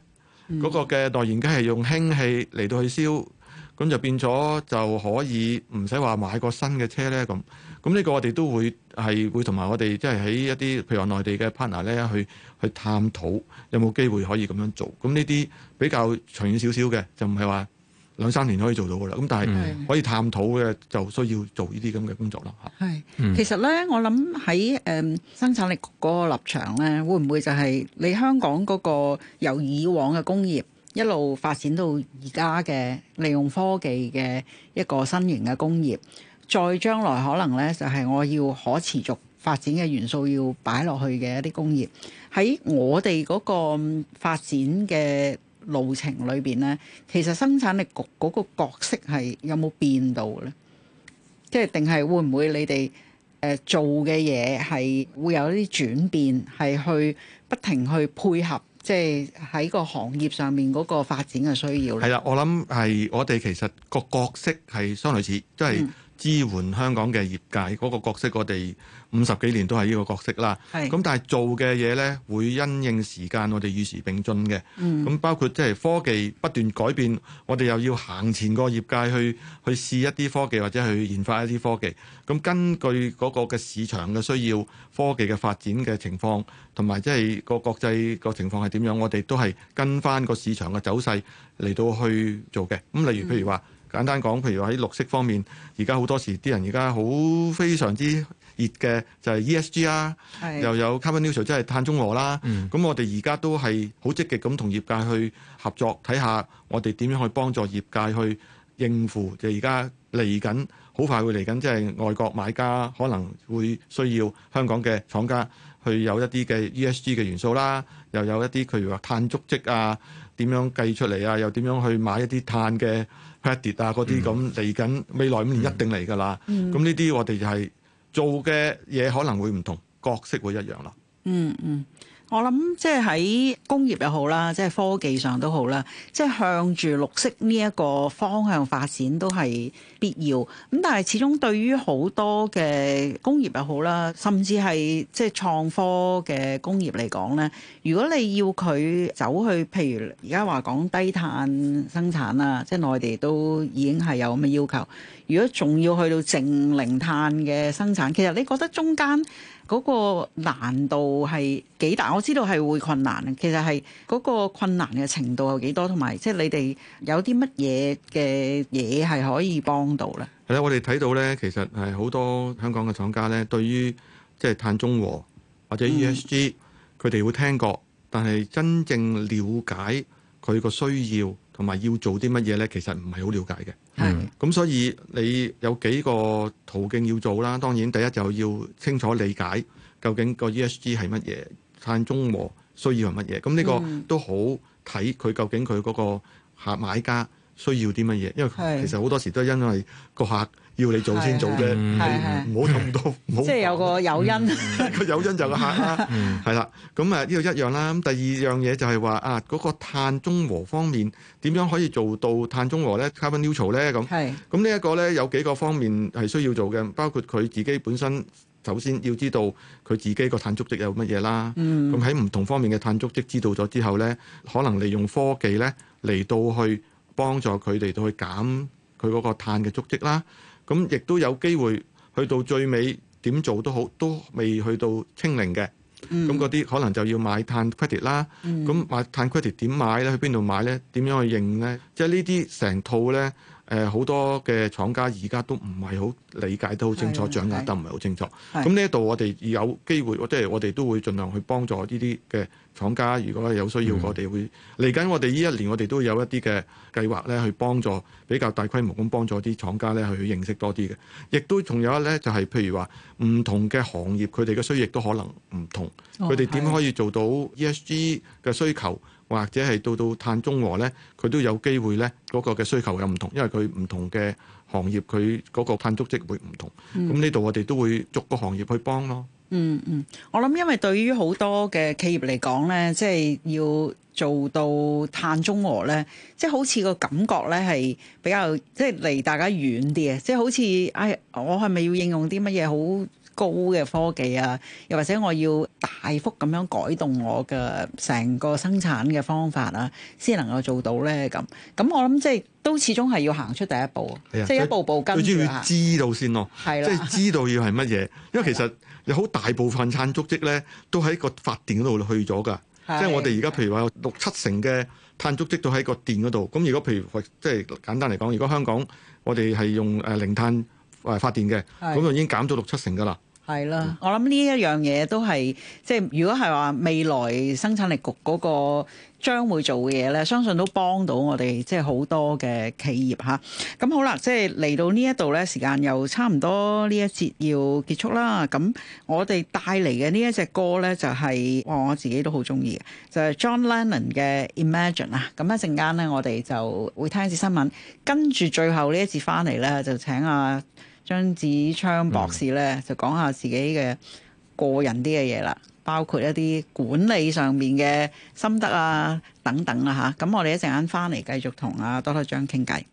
Speaker 1: 嗯、個嘅代燃料機係用氫氣嚟到去燒，咁就變咗就可以唔使話買個新嘅車咧咁。咁呢個我哋都會係會同埋我哋即係喺一啲譬如話內地嘅 partner 咧去去探討有冇機會可以咁樣做。咁呢啲比較長遠少少嘅，就唔係話兩三年可以做到噶啦。咁但係可以探討嘅，就需要做呢啲咁嘅工作咯。係，
Speaker 2: 其實咧，我諗喺誒生產力局嗰個立場咧，會唔會就係你香港嗰個由以往嘅工業一路發展到而家嘅利用科技嘅一個新型嘅工業？再將來可能咧，就係我要可持續發展嘅元素要擺落去嘅一啲工業喺我哋嗰個發展嘅路程裏邊咧，其實生產力局嗰個角色係有冇變到咧？即係定係會唔會你哋誒做嘅嘢係會有一啲轉變，係去不停去配合，即係喺個行業上面嗰個發展嘅需要咧？係啦，
Speaker 1: 我諗係我哋其實個角色係相類似，都係。支援香港嘅業界嗰個角色，我哋五十幾年都係呢個角色啦。咁但係做嘅嘢咧，會因應時間，我哋與時並進嘅。嗯，咁包括即係科技不斷改變，我哋又要行前個業界去去試一啲科技，或者去研發一啲科技。咁根據嗰個嘅市場嘅需要、科技嘅發展嘅情況，同埋即係個國際個情況係點樣，我哋都係跟翻個市場嘅走勢嚟到去做嘅。咁例如譬如話。嗯簡單講，譬如話喺綠色方面，而家好多時啲人而家好非常之熱嘅就係 E S G 啦，係，又有 carbon neutral，即係碳中和啦。嗯，咁我哋而家都係好積極咁同業界去合作，睇下我哋點樣去幫助業界去應付就而家嚟緊，好快會嚟緊，即係外國買家可能會需要香港嘅廠家去有一啲嘅 E S G 嘅元素啦，又有一啲譬如話碳足跡啊，點樣計出嚟啊，又點樣去買一啲碳嘅。下跌啊，嗰啲咁嚟緊，未來五年一定嚟㗎喇。咁呢啲我哋就係做嘅嘢可能會唔同，角色會一樣啦、嗯。嗯
Speaker 2: 嗯。我諗即係喺工業又好啦，即係科技上都好啦，即係向住綠色呢一個方向發展都係必要。咁但係始終對於好多嘅工業又好啦，甚至係即係創科嘅工業嚟講咧，如果你要佢走去，譬如而家話講低碳生產啦，即係內地都已經係有咁嘅要求。如果仲要去到淨零碳嘅生產，其實你覺得中間嗰個難度係幾大？我知道係會困難，其實係嗰個困難嘅程度有幾多，同埋即係你哋有啲乜嘢嘅嘢係可以幫到呢？
Speaker 1: 係啦，我哋睇到呢，其實係好多香港嘅廠家呢，對於即係碳中和或者 ESG，佢哋會聽過，但係真正了解佢個需要。同埋要做啲乜嘢咧？其實唔係好了解嘅。係，咁所以你有幾個途徑要做啦。當然，第一就要清楚理解究竟個 ESG 係乜嘢，碳中和需要係乜嘢。咁呢個都好睇佢究竟佢嗰個客買家需要啲乜嘢，因為其實好多時都係因為個客。要你做先做嘅，唔好諗咁多。
Speaker 2: 即係有個誘因， 個誘因就個客啦，
Speaker 1: 係啦。 咁啊，呢度一樣啦。咁第二樣嘢就係話啊，嗰、嗰個碳中和方面點樣可以做到碳中和咧？Carbon neutral 咧？咁，咁呢一個咧，有幾個方面係需要做嘅，包括佢自己本身首先要知道佢自己個碳足跡有乜嘢啦。咁喺唔同方面嘅碳足跡知道咗之後咧，可能利用科技咧嚟到去幫助佢哋到去減佢嗰個碳嘅足跡啦。咁亦都有機會去到最尾點做都好，都未去到清零嘅。咁嗰啲可能就要買碳 credit 啦。咁、嗯、買碳 credit 點買咧？去邊度買咧？點樣去認咧？即係呢啲成套咧。誒好多嘅廠家而家都唔係好理解得好清楚，掌握得唔係好清楚。咁呢一度我哋有機會，即係我哋都會盡量去幫助呢啲嘅廠家。如果有需要，的我哋會嚟緊。我哋呢一年，我哋都會有一啲嘅計劃咧，去幫助比較大規模，咁幫助啲廠家咧，去認識多啲嘅。亦都仲有一咧，就係譬如話唔同嘅行業，佢哋嘅需要亦都可能唔同。佢哋點可以做到 ESG 嘅需求？或者係到到碳中和呢，佢都有機會呢嗰個嘅需求又唔同，因為佢唔同嘅行業佢嗰個碳足跡會唔同。咁呢度我哋都會逐個行業去幫咯。嗯
Speaker 2: 嗯，我諗因為對於好多嘅企業嚟講呢，即係要做到碳中和呢，即係好似個感覺呢係比較即係離大家遠啲嘅，即係好似誒，我係咪要應用啲乜嘢好？高嘅科技啊，又或者我要大幅咁樣改動我嘅成個生產嘅方法啊，先能夠做到咧咁。咁我諗即係都始終係要行出第一步，啊，的即係一步步跟住，啊。最重要知
Speaker 1: 道先咯，的即係知道要係乜嘢，因為其實有好大部分碳足跡咧都喺個發電嗰度去咗㗎。的即係我哋而家譬如話六七成嘅碳足跡都喺個電嗰度。咁如果譬如即係簡單嚟講，如果香港我哋係用誒零碳。話發電嘅咁就已經減咗六七成㗎啦。
Speaker 2: 係啦的，嗯、我諗呢一樣嘢都係即係，如果係話未來生產力局嗰個將會做嘅嘢咧，相信都幫到我哋即係好多嘅企業吓。咁、啊、好啦，即係嚟到呢一度咧，時間又差唔多呢一節要結束啦。咁我哋帶嚟嘅呢一隻歌咧、就是，就係我自己都好中意嘅，就係、是、John Lennon 嘅 Imagine 啊。咁一陣間咧，我哋就會聽一節新聞，跟住最後呢一節翻嚟咧，就請阿、啊。張梓昌博士咧就講下自己嘅個人啲嘅嘢啦，包括一啲管理上面嘅心得啊等等啦、啊、吓。咁、啊、我哋一陣間翻嚟繼續同阿 Doctor 張傾偈。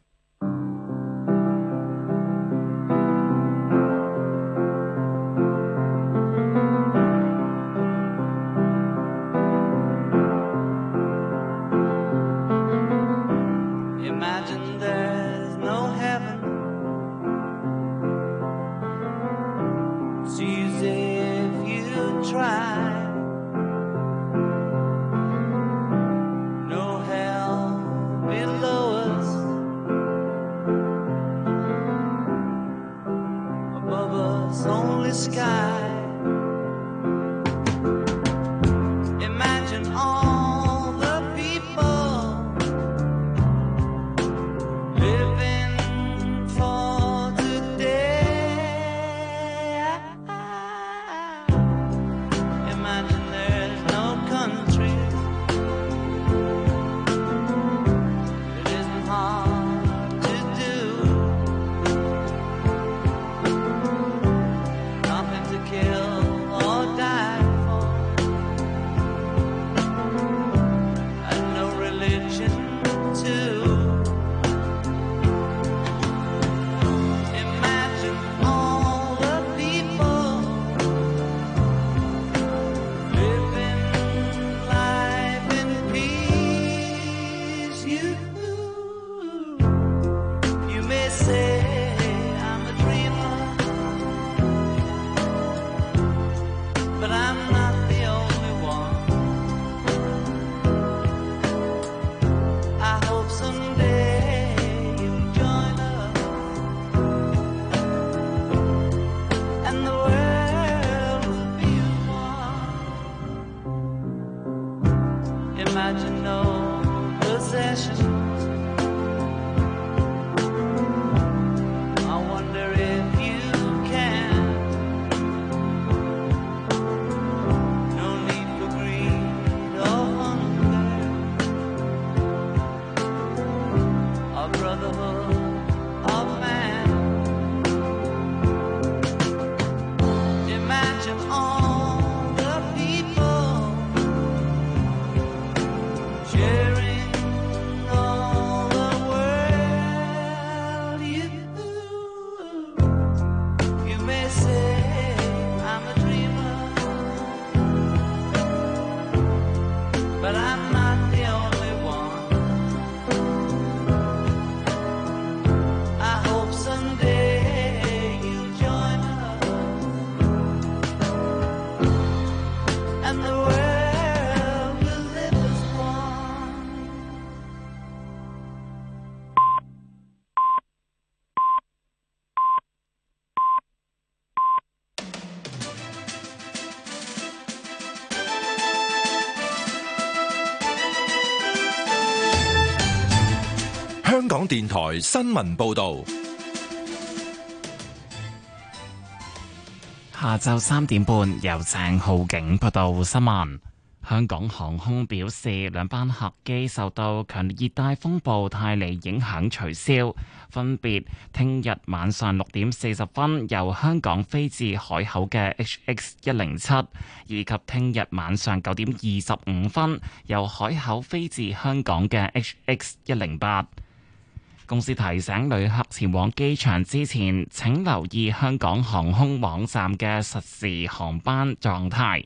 Speaker 3: 電台新聞報道，
Speaker 6: 下晝三點半由鄭浩景報道新聞。香港航空表示，兩班客機受到強烈熱帶風暴帶嚟影響，取消分別聽日晚上六點四十分由香港飛至海口嘅 H X 一零七，以及聽日晚上九點二十五分由海口飛至香港嘅 H X 一零八。公司提醒旅客前往機場之前，請留意香港航空網站嘅實時航班狀態，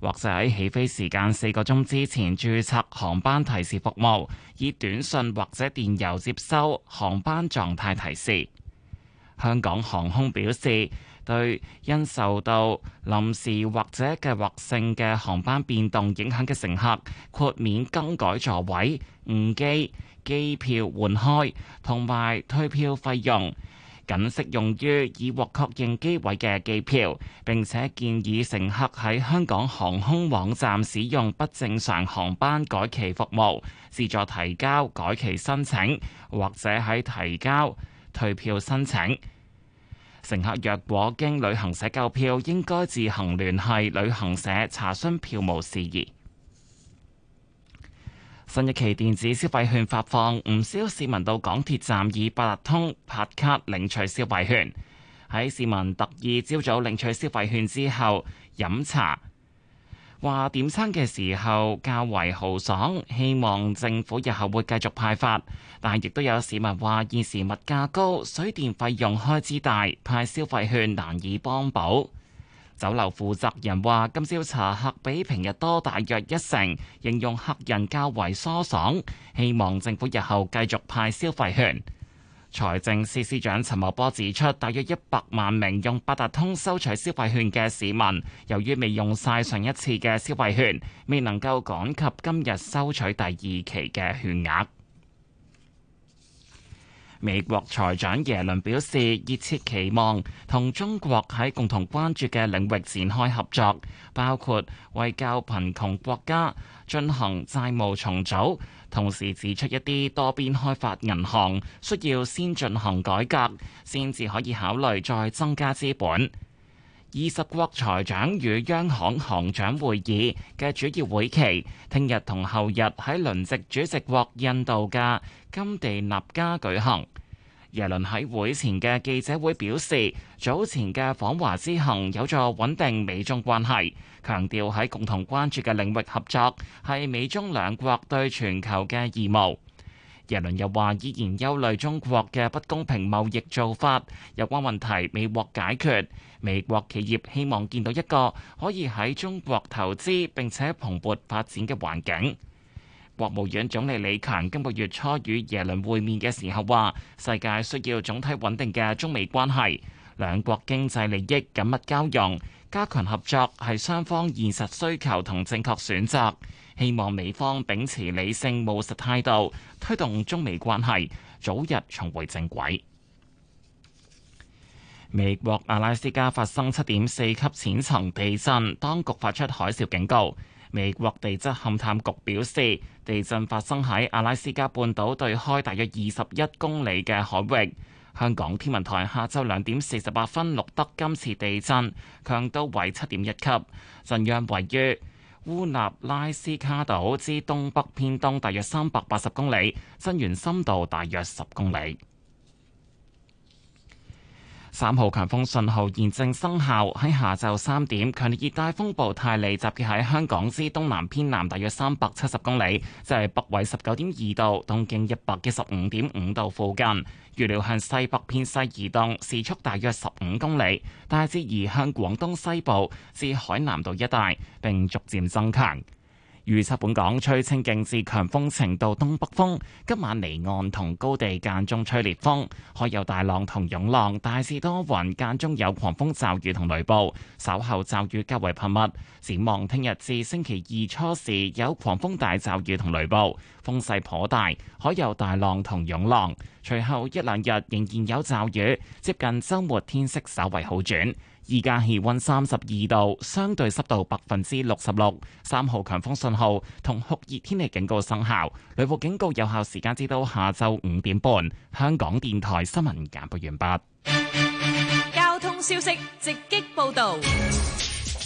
Speaker 6: 或者喺起飛時間四個鐘之前注冊航班提示服務，以短信或者電郵接收航班狀態提示。香港航空表示，對因受到臨時或者計劃性嘅航班變動影響嘅乘客，豁免更改座位、誤機。機票換開同埋退票費用，僅適用於已獲確認機位嘅機票。並且建議乘客喺香港航空網站使用不正常航班改期服務，自助提交改期申請，或者喺提交退票申請。乘客若果經旅行社購票，應該自行聯繫旅行社查詢票務事宜。新一期電子消費券發放，唔少市民到港鐵站以八達通拍卡領取消費券。喺市民特意朝早領取消費券之後飲茶，話點餐嘅時候較為豪爽，希望政府日後會繼續派發。但亦都有市民話現時物價高，水電費用開支大，派消費券難以幫補。酒樓負責人話：今朝茶客比平日多大約一成，形容客人較為疏爽，希望政府日後繼續派消費券。財政司司長陳茂波指出，大約一百萬名用八達通收取消費券嘅市民，由於未用晒上一次嘅消費券，未能夠趕及今日收取第二期嘅券額。美國財長耶倫表示熱切期望同中國喺共同關注嘅領域展開合作，包括為較貧窮國家進行債務重組，同時指出一啲多邊開發銀行需要先進行改革，先至可以考慮再增加資本。二十國財長與央行行長會議嘅主要會期，聽日同後日喺輪值主席國印度嘅甘地納加舉行。耶倫喺會前嘅記者會表示，早前嘅訪華之行有助穩定美中關係，強調喺共同關注嘅領域合作係美中兩國對全球嘅義務。耶倫又話，依然憂慮中國嘅不公平貿易做法，有關問題未獲解決。美國企業希望見到一個可以喺中國投資並且蓬勃發展嘅環境。國務院總理李強今個月初與耶倫會面嘅時候話：世界需要總體穩定嘅中美關係，兩國經濟利益緊密交融，加強合作係雙方現實需求同正確選擇。希望美方秉持理性務實態度，推動中美關係早日重回正軌。美國阿拉斯加發生七點四級淺層地震，當局發出海嘯警告。美國地質勘探局表示，地震發生喺阿拉斯加半島對開，大約二十一公里嘅海域。香港天文台下晝兩點四十八分錄得今次地震，強度為七點一級，震央位於烏納拉斯卡島之東北偏東大約三百八十公里，震源深度大約十公里。三號強風信號現正生效。喺下晝三點，強烈熱帶風暴泰利集結喺香港之東南偏南大約三百七十公里，即係北緯十九點二度、東經一百一十五點五度附近。預料向西北偏西移動，時速大約十五公里，大致移向廣東西部至海南島一帶，並逐漸增強。預測本港吹清勁至強風程度東北風，今晚離岸同高地間中吹烈風，海有大浪同湧浪。大致多雲間中有狂風驟雨同雷暴，稍後驟雨較為頻密。展望聽日至星期二初時有狂風大驟雨同雷暴，風勢頗大，海有大浪同湧浪。隨後一兩日仍然有驟雨，接近周末天色稍為好轉。而家氣溫三十二度，相對濕度百分之六十六，三號強風信號同酷熱天氣警告生效，雷暴警告有效時間至到下晝五點半。香港電台新聞簡報完畢。
Speaker 7: 交通消息直擊報道。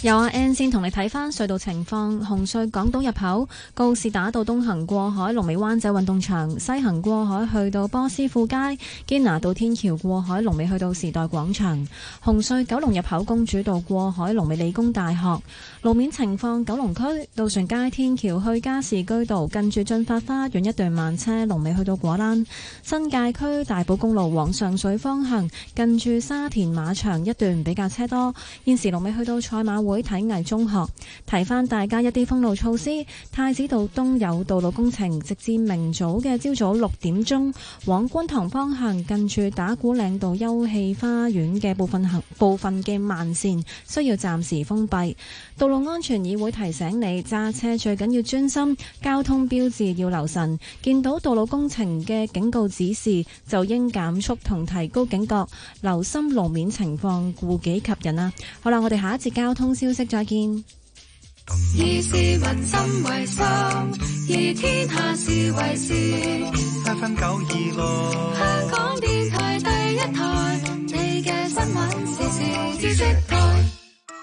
Speaker 7: 有阿 N 先同你睇翻隧道情況，紅隧港島入口告士打道東行過海，龍尾灣仔運動場；西行過海去到波斯富街，堅拿道天橋過海，龍尾去到時代廣場。紅隧九龍入口公主道過海，龍尾理工大學。路面情況，九龍區渡船街天橋去加士居道，近住駿發花園一段慢車，龍尾去到果欄。新界區大埔公路往上水方向，近住沙田馬場一段比較車多，現時龍尾去到賽馬會。會體藝中學，提翻大家一啲封路措施。太子道東有道路工程，直至明早嘅朝早六點鐘，往觀塘方向近處打鼓嶺道休憩花園嘅部分行部分嘅慢線需要暫時封閉。道路安全議會提醒你，揸車最緊要專心，交通標誌要留神，見到道路工程嘅警告指示，就應減速同提高警覺，留心路面情況，顧己及人啊！好啦，我哋下一節交通消息再見。
Speaker 8: 以市民心為心，以天下事為事。
Speaker 5: 八分九二六
Speaker 8: 香港電台第一台，嗯、你嘅
Speaker 4: 新聞時事
Speaker 1: 知識台。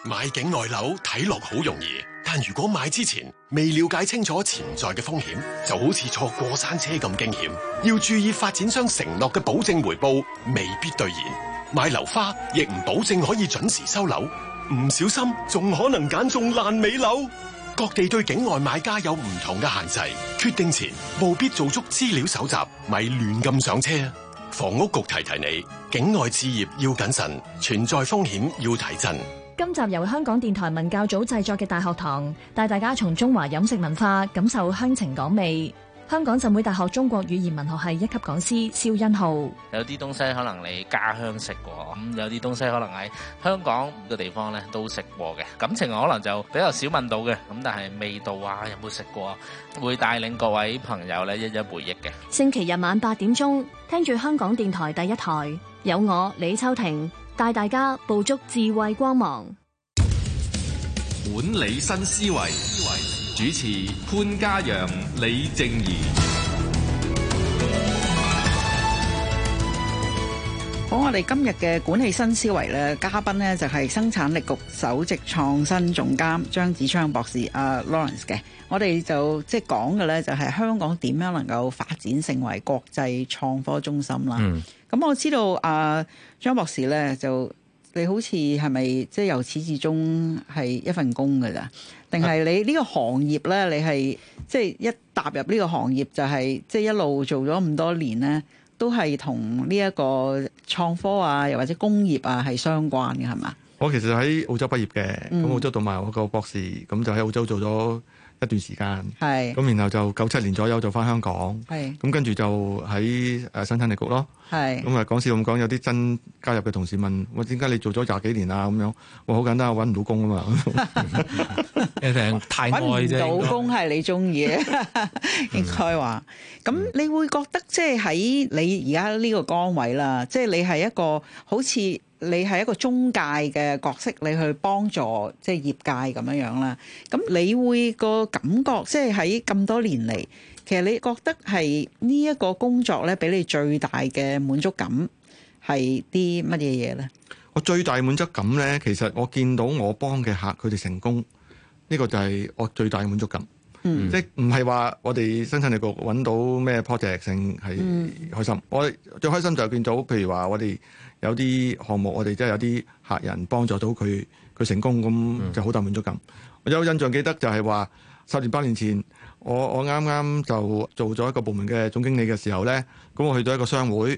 Speaker 1: 買境外樓睇落好容易，但如果買之前未了解清楚潛在嘅風險，就好似坐過山車咁驚險。要注意發展商承諾嘅保證回報未必兌現，買樓花亦唔保證可以準時收樓。唔小心仲可能揀中爛尾樓，各地對境外買家有唔同嘅限制，決定前務必做足資料搜集，咪亂咁上車。房屋局提提你，境外置業要謹慎，存在風險要提振。
Speaker 7: 今集由香港電台文教組製作嘅《大學堂》，帶大家從中華飲食文化感受鄉情港味。香港浸會大學中國語言文學系一級講師蕭欣浩，
Speaker 6: 有啲東西可能你家鄉食過，咁有啲東西可能喺香港個地方咧都食過嘅，感情可能就比較少問到嘅，咁但係味道啊，有冇食過，會帶領各位朋友咧一一回憶嘅。
Speaker 7: 星期日晚八點鐘，聽住香港電台第一台，有我李秋婷帶大家捕捉智慧光芒，
Speaker 1: 管理新思維。思維主持潘嘉陽、李靜宜。
Speaker 2: 好，我哋今日嘅管理新思維咧，嘉賓呢就係、是、生產力局首席創新總監張梓昌博士阿、啊、Lawrence 嘅。我哋就即係講嘅呢，就係、是、香港點樣能夠發展成為國際創科中心啦。咁、嗯嗯、我知道阿、啊、張博士呢，就你好似係咪即係由始至終係一份工噶咋。定係你呢個行業呢？你係即係一踏入呢個行業就係即係一路做咗咁多年呢，都係同呢一個創科啊，又或者工業啊係相關嘅係嘛？
Speaker 1: 我其實喺澳洲畢業嘅，咁、嗯、澳洲同埋我個博士，咁就喺澳洲做咗一段時間，係咁是，然後就九七年左右就翻香港，係咁是跟住就喺誒生產力局咯，係咁啊講笑咁講，有啲新加入嘅同事問我點解你做咗廿幾年啊？咁樣，我好簡單，揾唔到工啊嘛，揾唔 到工
Speaker 2: 係你中意嘅。」應該話說。咁 你會覺得即係喺你而家呢個崗位啦，即係你係一個好似。你係一個中介嘅角色，你去幫助即係業界咁樣樣啦。咁你會個感覺，即係喺咁多年嚟，其實你覺得係呢一個工作咧，俾你最大嘅滿足感係啲乜嘢嘢咧？
Speaker 1: 我最大滿足感咧，其實我見到我幫嘅客佢哋成功，呢個就係我最大嘅滿足感。嗯、即唔係話我哋生產力局揾到咩 project 先係開心，嗯、我最開心就係見到，譬如話我哋有啲項目，我哋即係有啲客人幫助到佢，佢成功咁就好大滿足感。嗯、我有印象記得就係話十年八年前，我我啱啱就做咗一個部門嘅總經理嘅時候咧，咁我去到一個商會，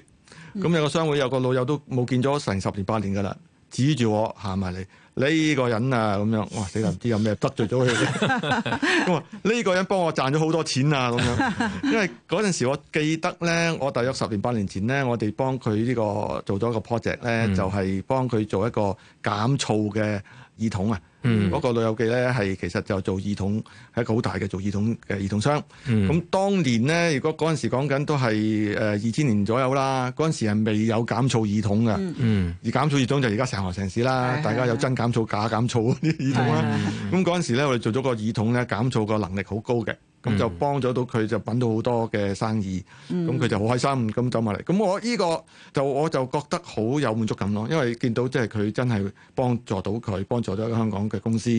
Speaker 1: 咁有個商會有個老友都冇見咗成十年八年噶啦，指住我行埋嚟，呢個人啊，咁樣哇死啦！唔知有咩得罪咗佢？咁話呢個人幫我賺咗好多錢啊！咁樣，因為嗰陣時我記得咧，我大約十年八年前咧，我哋幫佢呢個做咗一個 project 咧，就係幫佢做一個減噪嘅耳筒啊。嗰、嗯、個老友記咧係其實就做耳筒，係一個好大嘅做耳筒嘅耳筒商。咁、嗯、當年咧，如果嗰陣時講緊都係誒二千年左右啦，嗰陣時係未有減噪耳筒嘅，嗯、而減噪耳筒就而家成行成市啦。是是是大家有真減噪、假減噪嗰啲耳筒啦。咁嗰陣時咧，我哋做咗個耳筒咧，減噪個能力好高嘅。咁、嗯、就幫咗到佢，就揾到好多嘅生意。咁佢、嗯、就好開心，咁走埋嚟。咁我呢個就我就覺得好有滿足感咯，因為見到即係佢真係幫助到佢，幫助咗香港嘅公司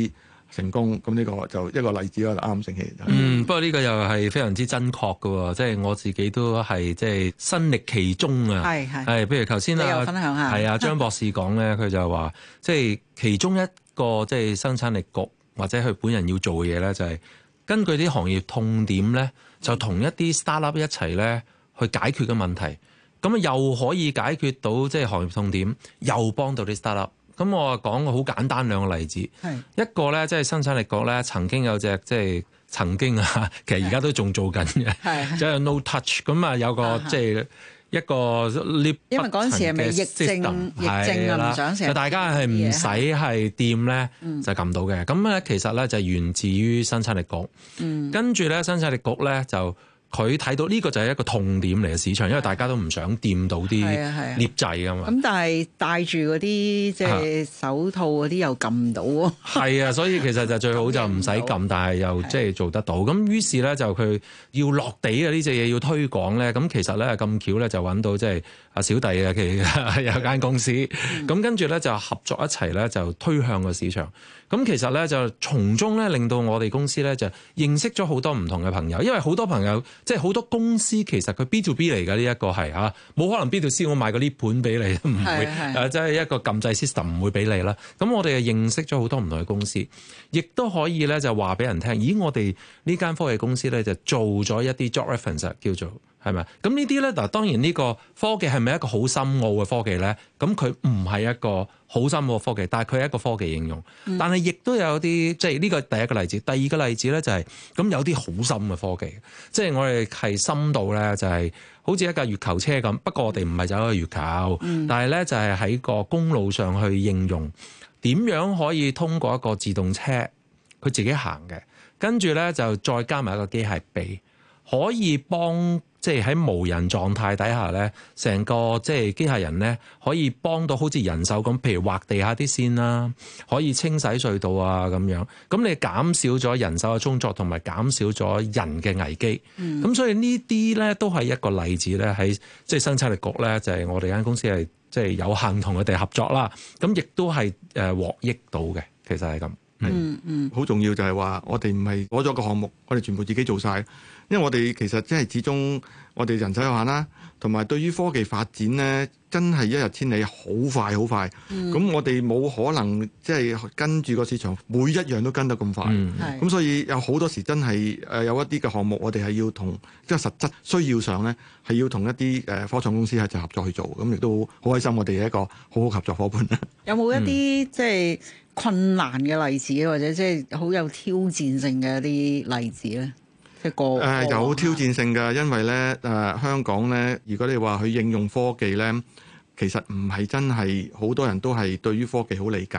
Speaker 1: 成功。咁呢個就一個例子啦，啱啱成起。嗯，
Speaker 3: 不過呢個又係非常之真確嘅，即係我自己都係即係身歷其中啊。係係，誒，譬如頭先有分享下。係啊，張博士講咧，佢就話，即係其中一個即係生產力局或者佢本人要做嘅嘢咧，就係。根據啲行業痛點咧，就同一啲 startup 一齊咧去解決嘅問題，咁啊又可以解決到即係行業痛點，又幫到啲 startup。咁我講個好簡單兩個例子，是一個咧即係生產力局咧，曾經有隻即係曾經啊，其實而家都仲做緊嘅，是即係 no touch 是。咁啊有個是即係。一個 lift button 嘅 system 係啦，因為嗰時係未疫症，就大家係唔使係掂咧就撳到嘅。咁咧、嗯、其實咧就源自於生產力局，跟住咧生產力局咧就。佢睇到呢、這個就係一個痛點嚟嘅市場，因為大家都唔想掂到啲掣啊嘛。咁、啊、
Speaker 2: 但係戴住嗰啲即係手套嗰啲又撳唔到
Speaker 3: 喎。係 啊，所以其實就最好就唔使撳，但係又即係做得到。咁於是咧就佢要落地嘅呢隻嘢要推廣咧，咁其實咧咁巧咧就揾到即係。阿小弟啊，其 有間公司，咁、嗯、跟住咧就合作一齊咧就推向個市場。咁其實咧就從中咧令到我哋公司咧就認識咗好多唔同嘅朋友，因為好多朋友即係好多公司其實佢 B to B 嚟嘅呢一個係嚇，冇、啊、可能 B to C 我賣個呢盤俾你，唔會即係、啊就是、一個禁制 system 唔會俾你啦。咁我哋就認識咗好多唔同嘅公司，亦都可以咧就話俾人聽，咦？我哋呢間科技公司咧就做咗一啲 job reference 叫做。係咪？咁呢啲咧，嗱，當然呢個科技係咪一個好深奧嘅科技咧？咁佢唔係一個好深奧嘅科技，但係佢係一個科技應用。嗯、但係亦都有啲，即係呢個第一個例子。第二個例子咧就係咁有啲好深嘅科技，即係我哋係深度咧，就係好似一架月球車咁。不過我哋唔係走去月球，嗯、但係咧就係喺個公路上去應用。點樣可以通過一個自動車，佢自己行嘅，跟住咧就再加埋一個機械臂，可以幫。即係喺無人狀態底下咧，成個即係機械人咧，可以幫到好似人手咁，譬如劃地下啲線啦，可以清洗隧道啊咁樣。咁你減少咗人手嘅工作，同埋減少咗人嘅危機。咁、嗯、所以呢啲咧都係一個例子咧，喺即係生產力局咧就係、是、我哋間公司係即係有幸同佢哋合作啦。
Speaker 1: 咁亦都係誒、呃、獲益到嘅，其實係咁、嗯。嗯嗯，好重要就係話我哋唔係攞咗個項目，我哋全部自己做晒。因為我哋其實即係始終，我哋人手有限啦，同埋對於科技發展咧，真係一日千里，好快好快。咁、嗯、我哋冇可能即係跟住個市場每一樣都跟得咁快。咁、嗯、所以有好多時真係誒有一啲嘅項目我，我哋係要同即係實質需要上咧，係要同一啲誒科創公司係就合作去做。咁亦都好開心，我哋係一個好好合作伙伴啦。嗯
Speaker 2: 嗯、有冇一啲即係困難嘅例子，或者即係好有挑戰性嘅一啲例子咧？誒、呃、有
Speaker 1: 挑戰性嘅，因為咧誒、呃、香港咧，如果你話佢應用科技咧，其實唔係真係好多人都係對於科技好理解，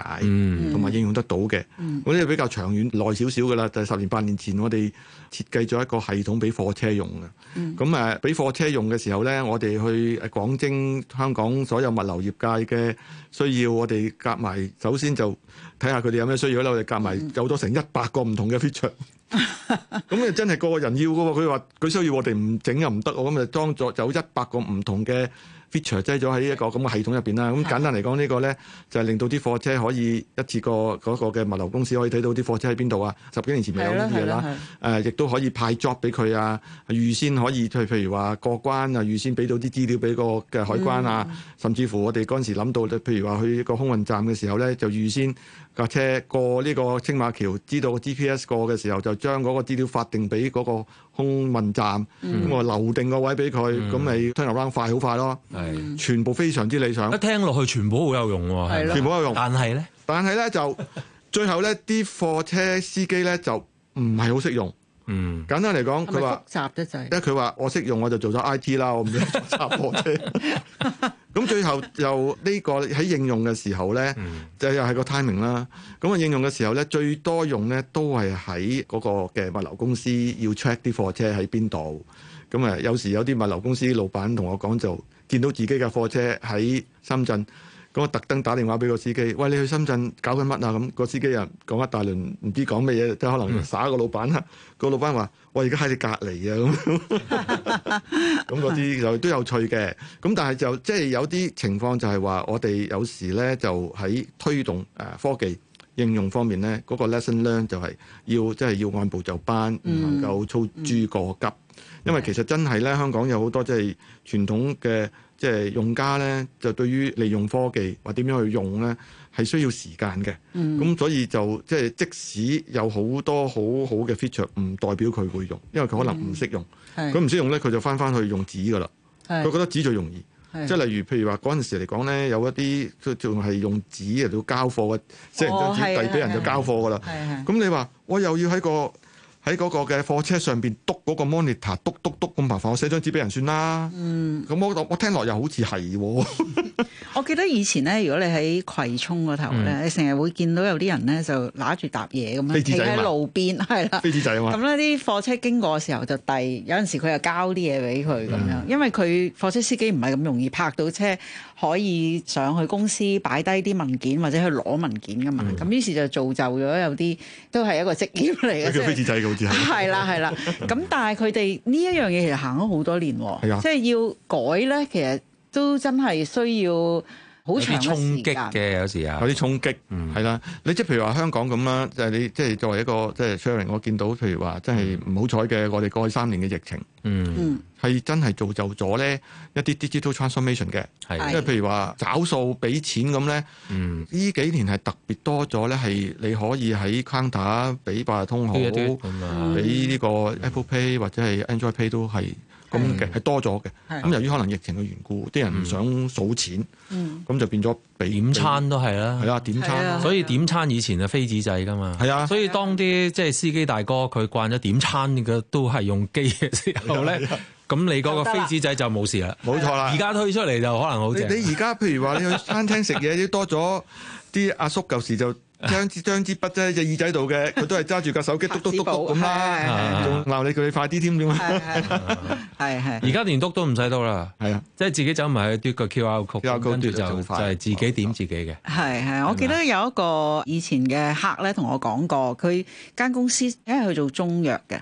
Speaker 1: 同埋、嗯、應用得到嘅。我哋、嗯、比較長遠耐少少嘅啦，就係、是、十年八年前我哋設計咗一個系統俾貨車用嘅。咁誒俾貨車用嘅時候咧，我哋去廣徵香港所有物流業界嘅需要，我哋夾埋首先就睇下佢哋有咩需要啦。我哋夾埋有多成一百個唔同嘅 feature。咁啊， 真係個個人要㗎喎。佢話佢需要我哋唔整又唔得，我咁就裝咗有一百個唔同嘅 feature，擠咗喺一個咁嘅系統入邊啦。咁的簡單嚟講，呢、呢個呢就係令到啲貨車可以一次過嗰、嗰個嘅物流公司可以睇到啲貨車喺邊度啊。十幾年前未有呢啲嘢啦。亦都、呃、可以派 job 俾佢啊，預先可以，即譬如話過關啊，預先俾到啲資料俾個嘅海關啊。嗯、甚至乎我哋嗰陣時諗到，譬如話去一個空運站嘅時候呢，就預先架車過呢個青馬橋，知道 GPS 過嘅時候就，將嗰個資料發定俾嗰個空運站，咁我、嗯、留定個位俾佢，咁咪推入 r 快好快咯，的全部非常之理想。一
Speaker 3: 聽落去全部好有用喎、
Speaker 1: 啊，的全部有用。但係咧，但係咧就最後咧啲貨車司機咧就唔係好識用。嗯，簡單嚟講，佢話
Speaker 2: 雜得滯，因為，即係
Speaker 1: 佢話我識用，我就做咗 I T 啦，我唔做揸貨車。咁 最後就呢、這個喺應用嘅時候咧，嗯、就又係個 timing 啦。咁啊應用嘅時候咧，最多用咧都係喺嗰個嘅物流公司要 check 啲貨車喺邊度。咁啊有時有啲物流公司老闆同我講就見到自己嘅貨車喺深圳。嗰個特登打電話俾個司機，喂，你去深圳搞緊乜啊？咁個司機啊講一大輪，唔知講咩嘢，即可能耍個老闆啦。個老闆話，喂，而家喺你隔離啊咁。咁嗰啲就都有趣嘅。咁但係就即係有啲情況就係話，我哋有時咧就喺推動誒科技應用方面咧，嗰、那個 lesson learn 就係要即係要按部就班，唔能夠操諸過急。嗯嗯嗯、因為其實真係咧，是的 香港有好多即係傳統嘅。即係用家咧，就對於利用科技或點樣去用咧，係需要時間嘅。咁、嗯、所以就即係即使有好多好好嘅 feature，唔代表佢會用，因為佢可能唔識用。佢唔識用咧，佢就翻翻去用紙噶啦。佢是覺得紙最容易。是即係例如譬如話嗰陣時嚟講咧，有一啲佢仲係用紙嚟到交貨嘅，即係好似遞俾人就交貨噶啦。咁的你話我又要喺個？喺嗰個嘅貨車上邊督嗰個 monitor 篤篤篤咁麻煩我、嗯我，我寫張紙俾人算啦。咁我我聽落又好似係。我
Speaker 2: 記得以前咧，如果你喺葵涌嗰頭咧，嗯、你成日會見到有啲人咧就揦住揼嘢咁樣企喺路邊，係啦。飛紙仔啊嘛。咁呢啲貨車經過嘅時候就遞，有陣時佢又交啲嘢俾佢咁樣，嗯、因為佢貨車司機唔係咁容易泊到車。可以上去公司擺低啲文件，或者去攞文件噶嘛？咁、嗯、於是就造就咗有啲都係一個職業嚟嘅， 即係飛紙仔，好似係啦，係啦。咁但係佢哋呢一樣嘢其實行咗好多年喎，係啊、即係要改咧，其實都真係需要好長時間嘅，有
Speaker 1: 時啊，有啲衝擊，係啦、嗯。你即係譬如話香港咁啦，就係、是、你即係作為一個即係 sharing，我見到譬如話即係唔好彩嘅，我哋過去三年嘅疫情。嗯，係真係造就咗咧一啲 digital transformation 嘅，係，即係譬如話找數俾錢咁咧，嗯，呢幾年係特別多咗咧，係你可以喺 counter 俾八達通好，
Speaker 4: 俾呢
Speaker 1: 個 Apple Pay 或者係 Android Pay 都係咁嘅，係多咗嘅。咁由於可能疫情嘅緣故，啲人唔想數錢，咁就變咗俾點餐都
Speaker 3: 係啦，係啊點餐，所以點餐以前就飛紙仔㗎嘛，係啊，所以當啲即係司機大哥佢慣咗點餐嘅都係用機嘅時候。咧咁你嗰個妃子仔就冇事
Speaker 1: 啦，冇錯啦。而家推
Speaker 3: 出嚟就可能
Speaker 1: 好正。你而家譬如話，你去餐廳食嘢，都多咗啲阿叔舊時就將支將支筆喺隻耳仔度嘅，佢都係揸住個手機篤篤篤篤咁啦，仲鬧你叫你快啲添，點啊？係係。而家連篤都唔
Speaker 3: 使督啦。係啊，即係自己走埋去啲個 QR code，跟住就就自己點自己嘅。
Speaker 2: 係係。我記得有一個以前嘅客咧，同我講過，佢間公司因為去做中藥嘅，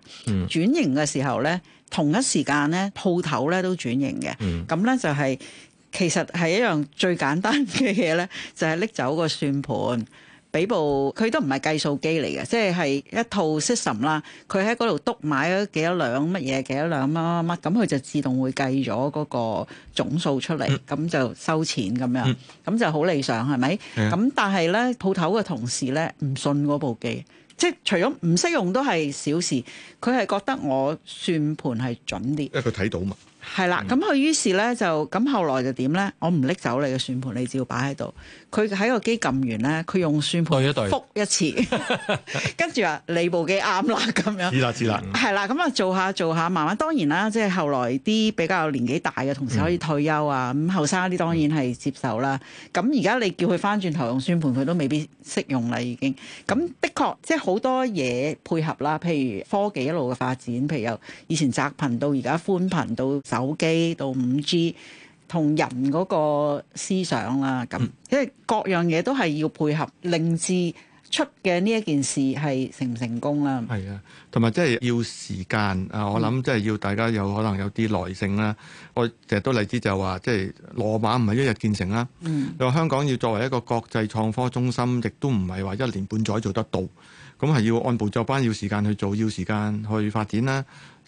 Speaker 2: 轉型嘅時候咧。同一時間咧，鋪頭咧都轉型嘅，咁咧、嗯、就係、是、其實係一樣最簡單嘅嘢咧，就係、是、拎走個算盤，俾部佢都唔係計數機嚟嘅，即係係一套 system 啦。佢喺嗰度督買咗幾多兩乜嘢幾多兩乜乜乜，咁佢就自動會計咗嗰個總數出嚟，咁、嗯、就收錢咁樣，咁、嗯、就好理想係咪？咁、嗯、但係咧，鋪頭嘅同事咧唔信嗰部機。即係除咗唔識用都係小事，佢係覺得我算盤係準啲，因為佢睇到嘛。係啦的，咁佢、嗯、於是咧就咁，後來就點咧？我唔拎走你嘅算盤，你只要擺喺度，佢喺個機撳完咧，佢用算盤覆一次，跟住話你部機啱啦，咁
Speaker 1: 樣。易啦。
Speaker 2: 係啦，咁啊做下做下，慢慢當然啦，即係後來啲比較年紀大嘅同事可以退休啊，咁後生啲當然係接受啦。咁而家你叫佢翻轉頭用算盤，佢都未必識用啦，已經。咁的確即係好多嘢配合啦，譬如科技一路嘅發展，譬如由以前窄頻到而家寬頻，到手機到五 G。同人嗰個思想啦，咁因為各樣嘢都係要配合，令至出嘅呢一件事係成唔成功啦。係啊，
Speaker 1: 同埋即係要時間啊！嗯、我諗即係要大家有可能有啲耐性啦。我成日都例子就話，即係羅馬唔係一日建成啦。你話、嗯、香港要作為一個國際創科中心，亦都唔係話一年半載做得到。咁係要按部就班，要時間去做，要時間去發展啦，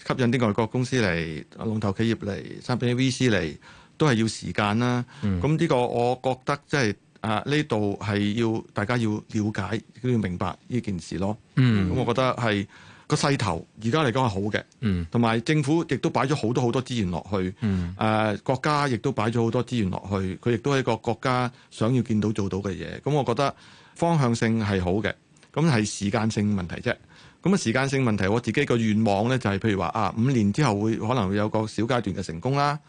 Speaker 1: 吸引啲外國公司嚟、龍頭企業嚟、甚至 V C 嚟。都係要時間啦、啊。咁呢、嗯、個我覺得即係啊，呢度係要大家要了解，都要明白呢件事咯。咁、嗯嗯、我覺得係、個勢頭而家嚟講係好嘅，同埋、嗯、政府亦都擺咗好多好多資源落去。誒、嗯呃，國家亦都擺咗好多資源落去，佢亦都係個國家想要見到做到嘅嘢。咁我覺得方向性係好嘅，咁係時間性問題啫。咁啊，時間性問題我自己個願望咧就係、是，譬如話啊，五年之後會可能會有個小階段嘅成功啦。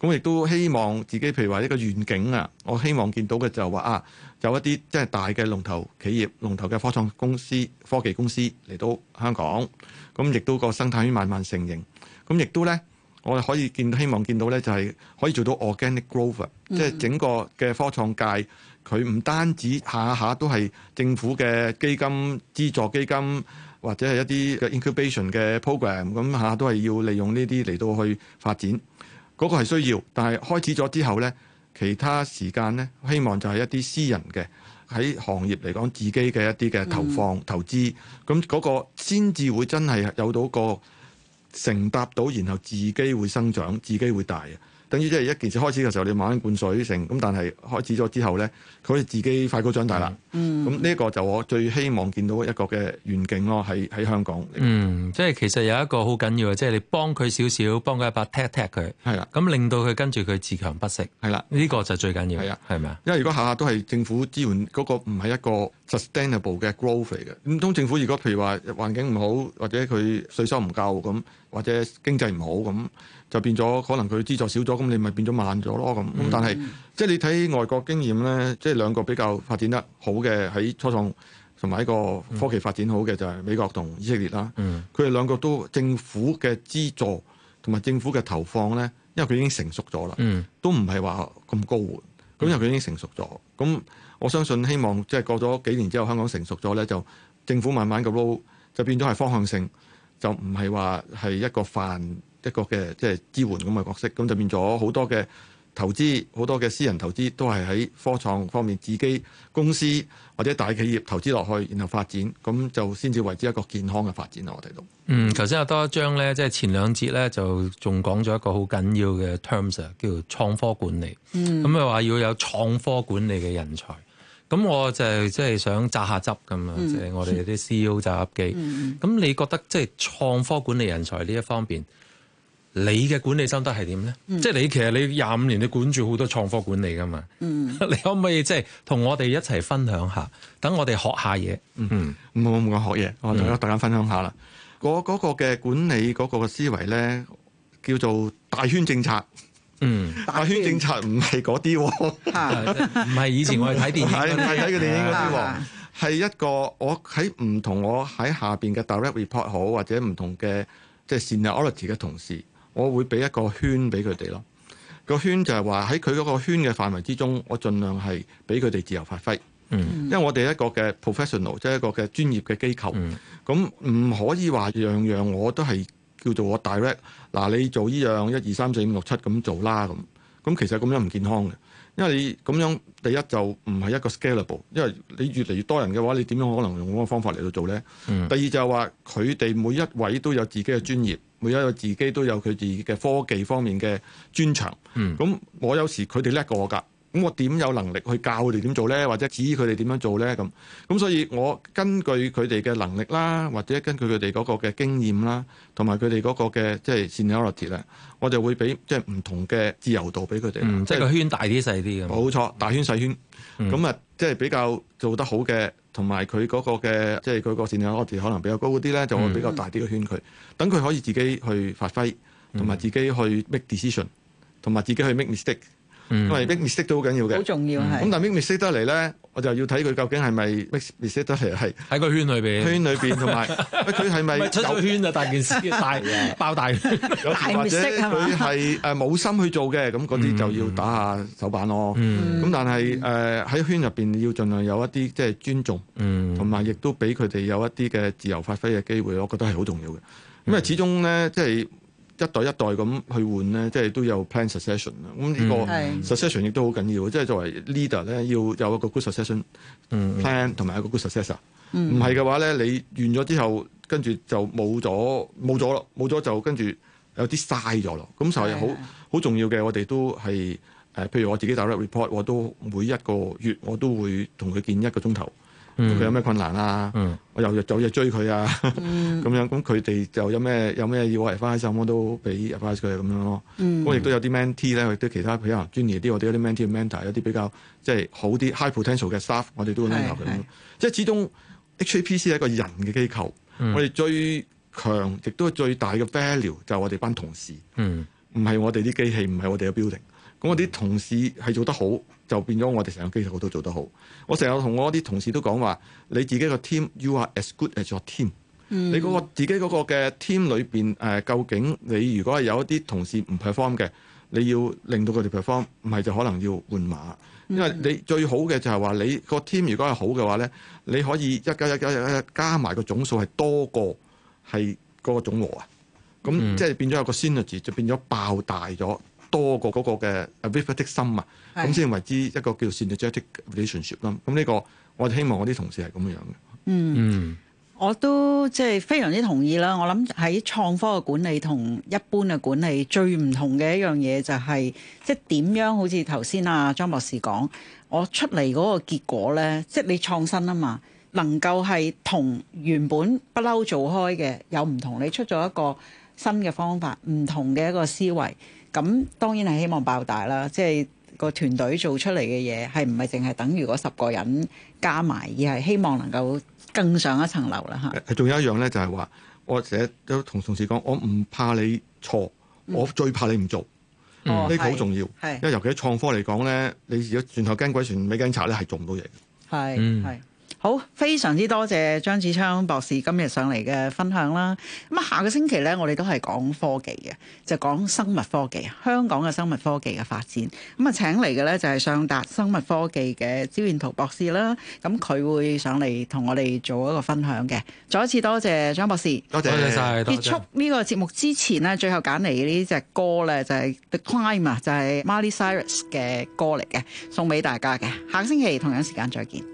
Speaker 1: 咁亦都希望自己，譬如話一個願景啊。我希望見到嘅就係話啊，有一啲即係大嘅龍頭企業龍頭嘅科創公司、科技公司嚟到香港。咁亦都個生態圈慢慢成型。咁亦都咧，我哋可以見希望見到咧，就係可以做到 organic growth，、嗯、即係整個嘅科創界佢唔單止下下都係政府嘅基金資助基金，或者係一啲嘅 incubation 嘅 program 咁下都係要利用呢啲嚟到去發展。嗰個係需要，但係開始咗之後呢，其他時間呢，希望就係一啲私人嘅喺行業嚟講，自己嘅一啲嘅投放、嗯、投資，咁、那、嗰個先至會真係有到個承擔到，然後自己會生長，自己會大啊！等於即係一件事開始嘅時候，你慢慢灌水成咁，但係開始咗之後咧，佢自己快高長大啦。咁呢一個就我最希望見到一個嘅願景咯，喺喺香港。
Speaker 3: 嗯，即係其實有一個好緊要嘅，即係你幫佢少少，幫佢一,一把，踢踢佢。係啦的，咁令到佢跟住佢自強不息。係啦的，呢個就最緊要。係啊的，係咪啊？吧
Speaker 1: 因為如果下下都係政府支援，嗰、那個唔係一個 sustainable 嘅 growth 嚟嘅。唔通政府如果譬如話環境唔好，或者佢稅收唔夠咁，或者經濟唔好咁。就變咗，可能佢資助少咗，咁你咪變咗慢咗咯咁。但係，mm hmm. 即係你睇外國經驗咧，即係兩個比較發展得好嘅，喺初創同埋一個科技發展好嘅、mm hmm. 就係美國同以色列啦。佢哋、mm hmm. 兩個都政府嘅資助同埋政府嘅投放咧，因為佢已經成熟咗啦，mm hmm. 都唔係話咁高門。咁因為佢已經成熟咗，咁我相信希望即係過咗幾年之後，香港成熟咗咧，就政府慢慢咁撈，就變咗係方向性，就唔係話係一個泛。一個嘅即係支援咁嘅角色，咁就變咗好多嘅投資，好多嘅私人投資都係喺科創方面自己公司或者大企業投資落去，然後發展，咁就先至為之一個健康嘅發展啊！我哋都嗯，
Speaker 3: 頭先有多一張咧，即係前兩節咧就仲講咗一個好緊要嘅 terms 叫做創科管理。嗯，咁咪話要有創科管理嘅人才。咁我就係即係想扎下汁咁樣，即係我哋啲 CEO 扎下機。咁、嗯、你覺得即係創科管理人才呢一方面？你嘅管理心得係點咧？嗯、即係你其實你廿五年你管住好多創科管理噶嘛？嗯、你可唔可以即係同我哋一齊分享下？等我哋學下嘢。
Speaker 1: 嗯嗯，冇冇講學嘢，我同大家分享下啦。嗰嗰、嗯嗰個嘅管理嗰、嗰個嘅思維咧，叫做大圈政策。嗯大圈，大圈政策唔係嗰啲，唔 係 以前我哋睇電影，係睇嘅電影啲、啊。係 一個我喺唔同我喺下邊嘅 Direct Report 好，或者唔同嘅即係 Seniority 嘅同事。我會俾一個圈俾佢哋咯，個圈就係話喺佢嗰個圈嘅範圍之中，我盡量係俾佢哋自由發揮。嗯、因為我哋一個嘅 professional 即係一個嘅專業嘅機構，咁、嗯、唔可以話樣樣我都係叫做我 direct、啊。嗱，你做呢樣一二三四五六七咁做啦咁，咁其實咁樣唔健康嘅，因為你咁樣第一就唔係一個 scalable，因為你越嚟越多人嘅話，你點樣可能用嗰個方法嚟到做呢？嗯、第二就係話佢哋每一位都有自己嘅專業。每一個自己都有佢自己嘅科技方面嘅專長，咁、嗯、我有時佢哋叻過我㗎，咁我點有能力去教佢哋點做咧，或者指佢哋點樣做咧咁？咁所以我根據佢哋嘅能力啦，或者根據佢哋嗰個嘅經驗啦，同埋佢哋嗰個嘅即係 seniority 咧，我就會俾即係唔同嘅自由度俾佢哋。嗯、即係是個圈大啲細啲嘅。冇錯，大圈細圈。咁啊，嗯、即係比較做得好嘅，同埋佢嗰個嘅，即係佢個 seniority 可能比較高啲咧，嗯、就會比較大啲嘅圈距，等佢可以自己去發揮，同埋、嗯、自己去 make decision，同埋自己去 make mistake。嗯，咁啊，big mistake mistake 都好緊要嘅，好重要係。咁但係 big mistake 得嚟咧，我就要睇佢究竟係咪 big mistake 得嚟係喺個圈裏邊，圈裏邊同埋佢係咪出咗圈啊？大件事大爆大，或者佢係誒冇心去做嘅，咁嗰啲就要打下手板咯。咁但係誒喺圈入邊要儘量有一啲即係尊重，同埋亦都俾佢哋有一啲嘅自由發揮嘅機會，我覺得係好重要嘅。因為始終咧即係。一代一代咁去換咧，即係都有 plan succession 啦、嗯。咁呢個 succession 亦都好緊要，即係是作為 leader 咧，要有一個 good succession plan 同埋、嗯、一個 good successor、嗯。唔係嘅話咧，你完咗之後，跟住就冇咗，冇咗咯，冇咗就跟住有啲嘥咗咯。咁實係好好重要嘅。我哋都係誒，譬如我自己 direct report，我都每一個月我都會同佢見一個鐘頭。佢有咩困難啊？嗯、我又日走夜追佢啊！咁樣咁佢哋又有咩有咩要維翻啲什麼，什麼 advice，都俾 advise 佢。咁樣咯。我亦、就是、都有啲 mentee 咧，亦都其他譬如啊專業啲我哋有啲 mentee mentor 有啲比較即係好啲 high potential 嘅 staff，我哋都會聯絡，咁即係始終 HKPC 係一個人嘅機構，我哋最強亦都最大嘅 value 就係我哋班同事。唔係、嗯、我哋啲機器，唔係我哋嘅 building。咁我啲同事係做得好。就變咗我哋成個機構都做得好。我成日同我啲同事都講話，你自己個 team you are as good as your team、嗯。你嗰個自己嗰個嘅 team 裏邊誒，究竟你如果係有一啲同事唔 perform 嘅，你要令到佢哋 perform，唔係就可能要換馬。因為你最好嘅就係話你個 team 如果係好嘅話咧，你可以一加一加一加埋個總數係多過係嗰個總和啊。咁即係變咗有個 synergy 就變咗爆大咗。多過嗰個嘅 predict 心嘛，咁先為之一個叫做 creative relationship 咯。咁呢個我哋希望我啲同事係咁樣嘅。嗯，
Speaker 2: 我都即係非常之同意啦。我諗喺創科嘅管理同一般嘅管理最唔同嘅一樣嘢就係即係點樣？好似頭先啊張博士講，我出嚟嗰個結果咧，即係你創新啊嘛，能夠係同原本不嬲做開嘅有唔同，你出咗一個新嘅方法，唔同嘅一個思維。咁當然係希望爆大啦，即係個團隊做出嚟嘅嘢係唔係淨係等於嗰十個人加埋，而係希望能夠更上一層樓啦
Speaker 1: 嚇。係仲有一樣咧，就係、是、話我成日都同同事講，我唔怕你錯，嗯、我最怕你唔做，呢、嗯哦、個好重要。係因為尤其喺創科嚟講咧，你如果船頭驚鬼、船尾驚賊咧，係做唔到嘢
Speaker 2: 嘅。係、嗯，嗯好，非常之多謝張梓昌博士今日上嚟嘅分享啦。咁啊，下個星期咧，我哋都係講科技嘅，就講生物科技，香港嘅生物科技嘅發展。咁啊，請嚟嘅咧就係上達生物科技嘅招彥燾博士啦。咁佢會上嚟同我哋做一個分享嘅。再一次多謝張博士，多謝晒。結束呢個節目之前呢，最後揀嚟呢隻歌咧就係《The Climb》，就係 Miley Cyrus 嘅歌嚟嘅，送俾大家嘅。下個星期同樣時間再見。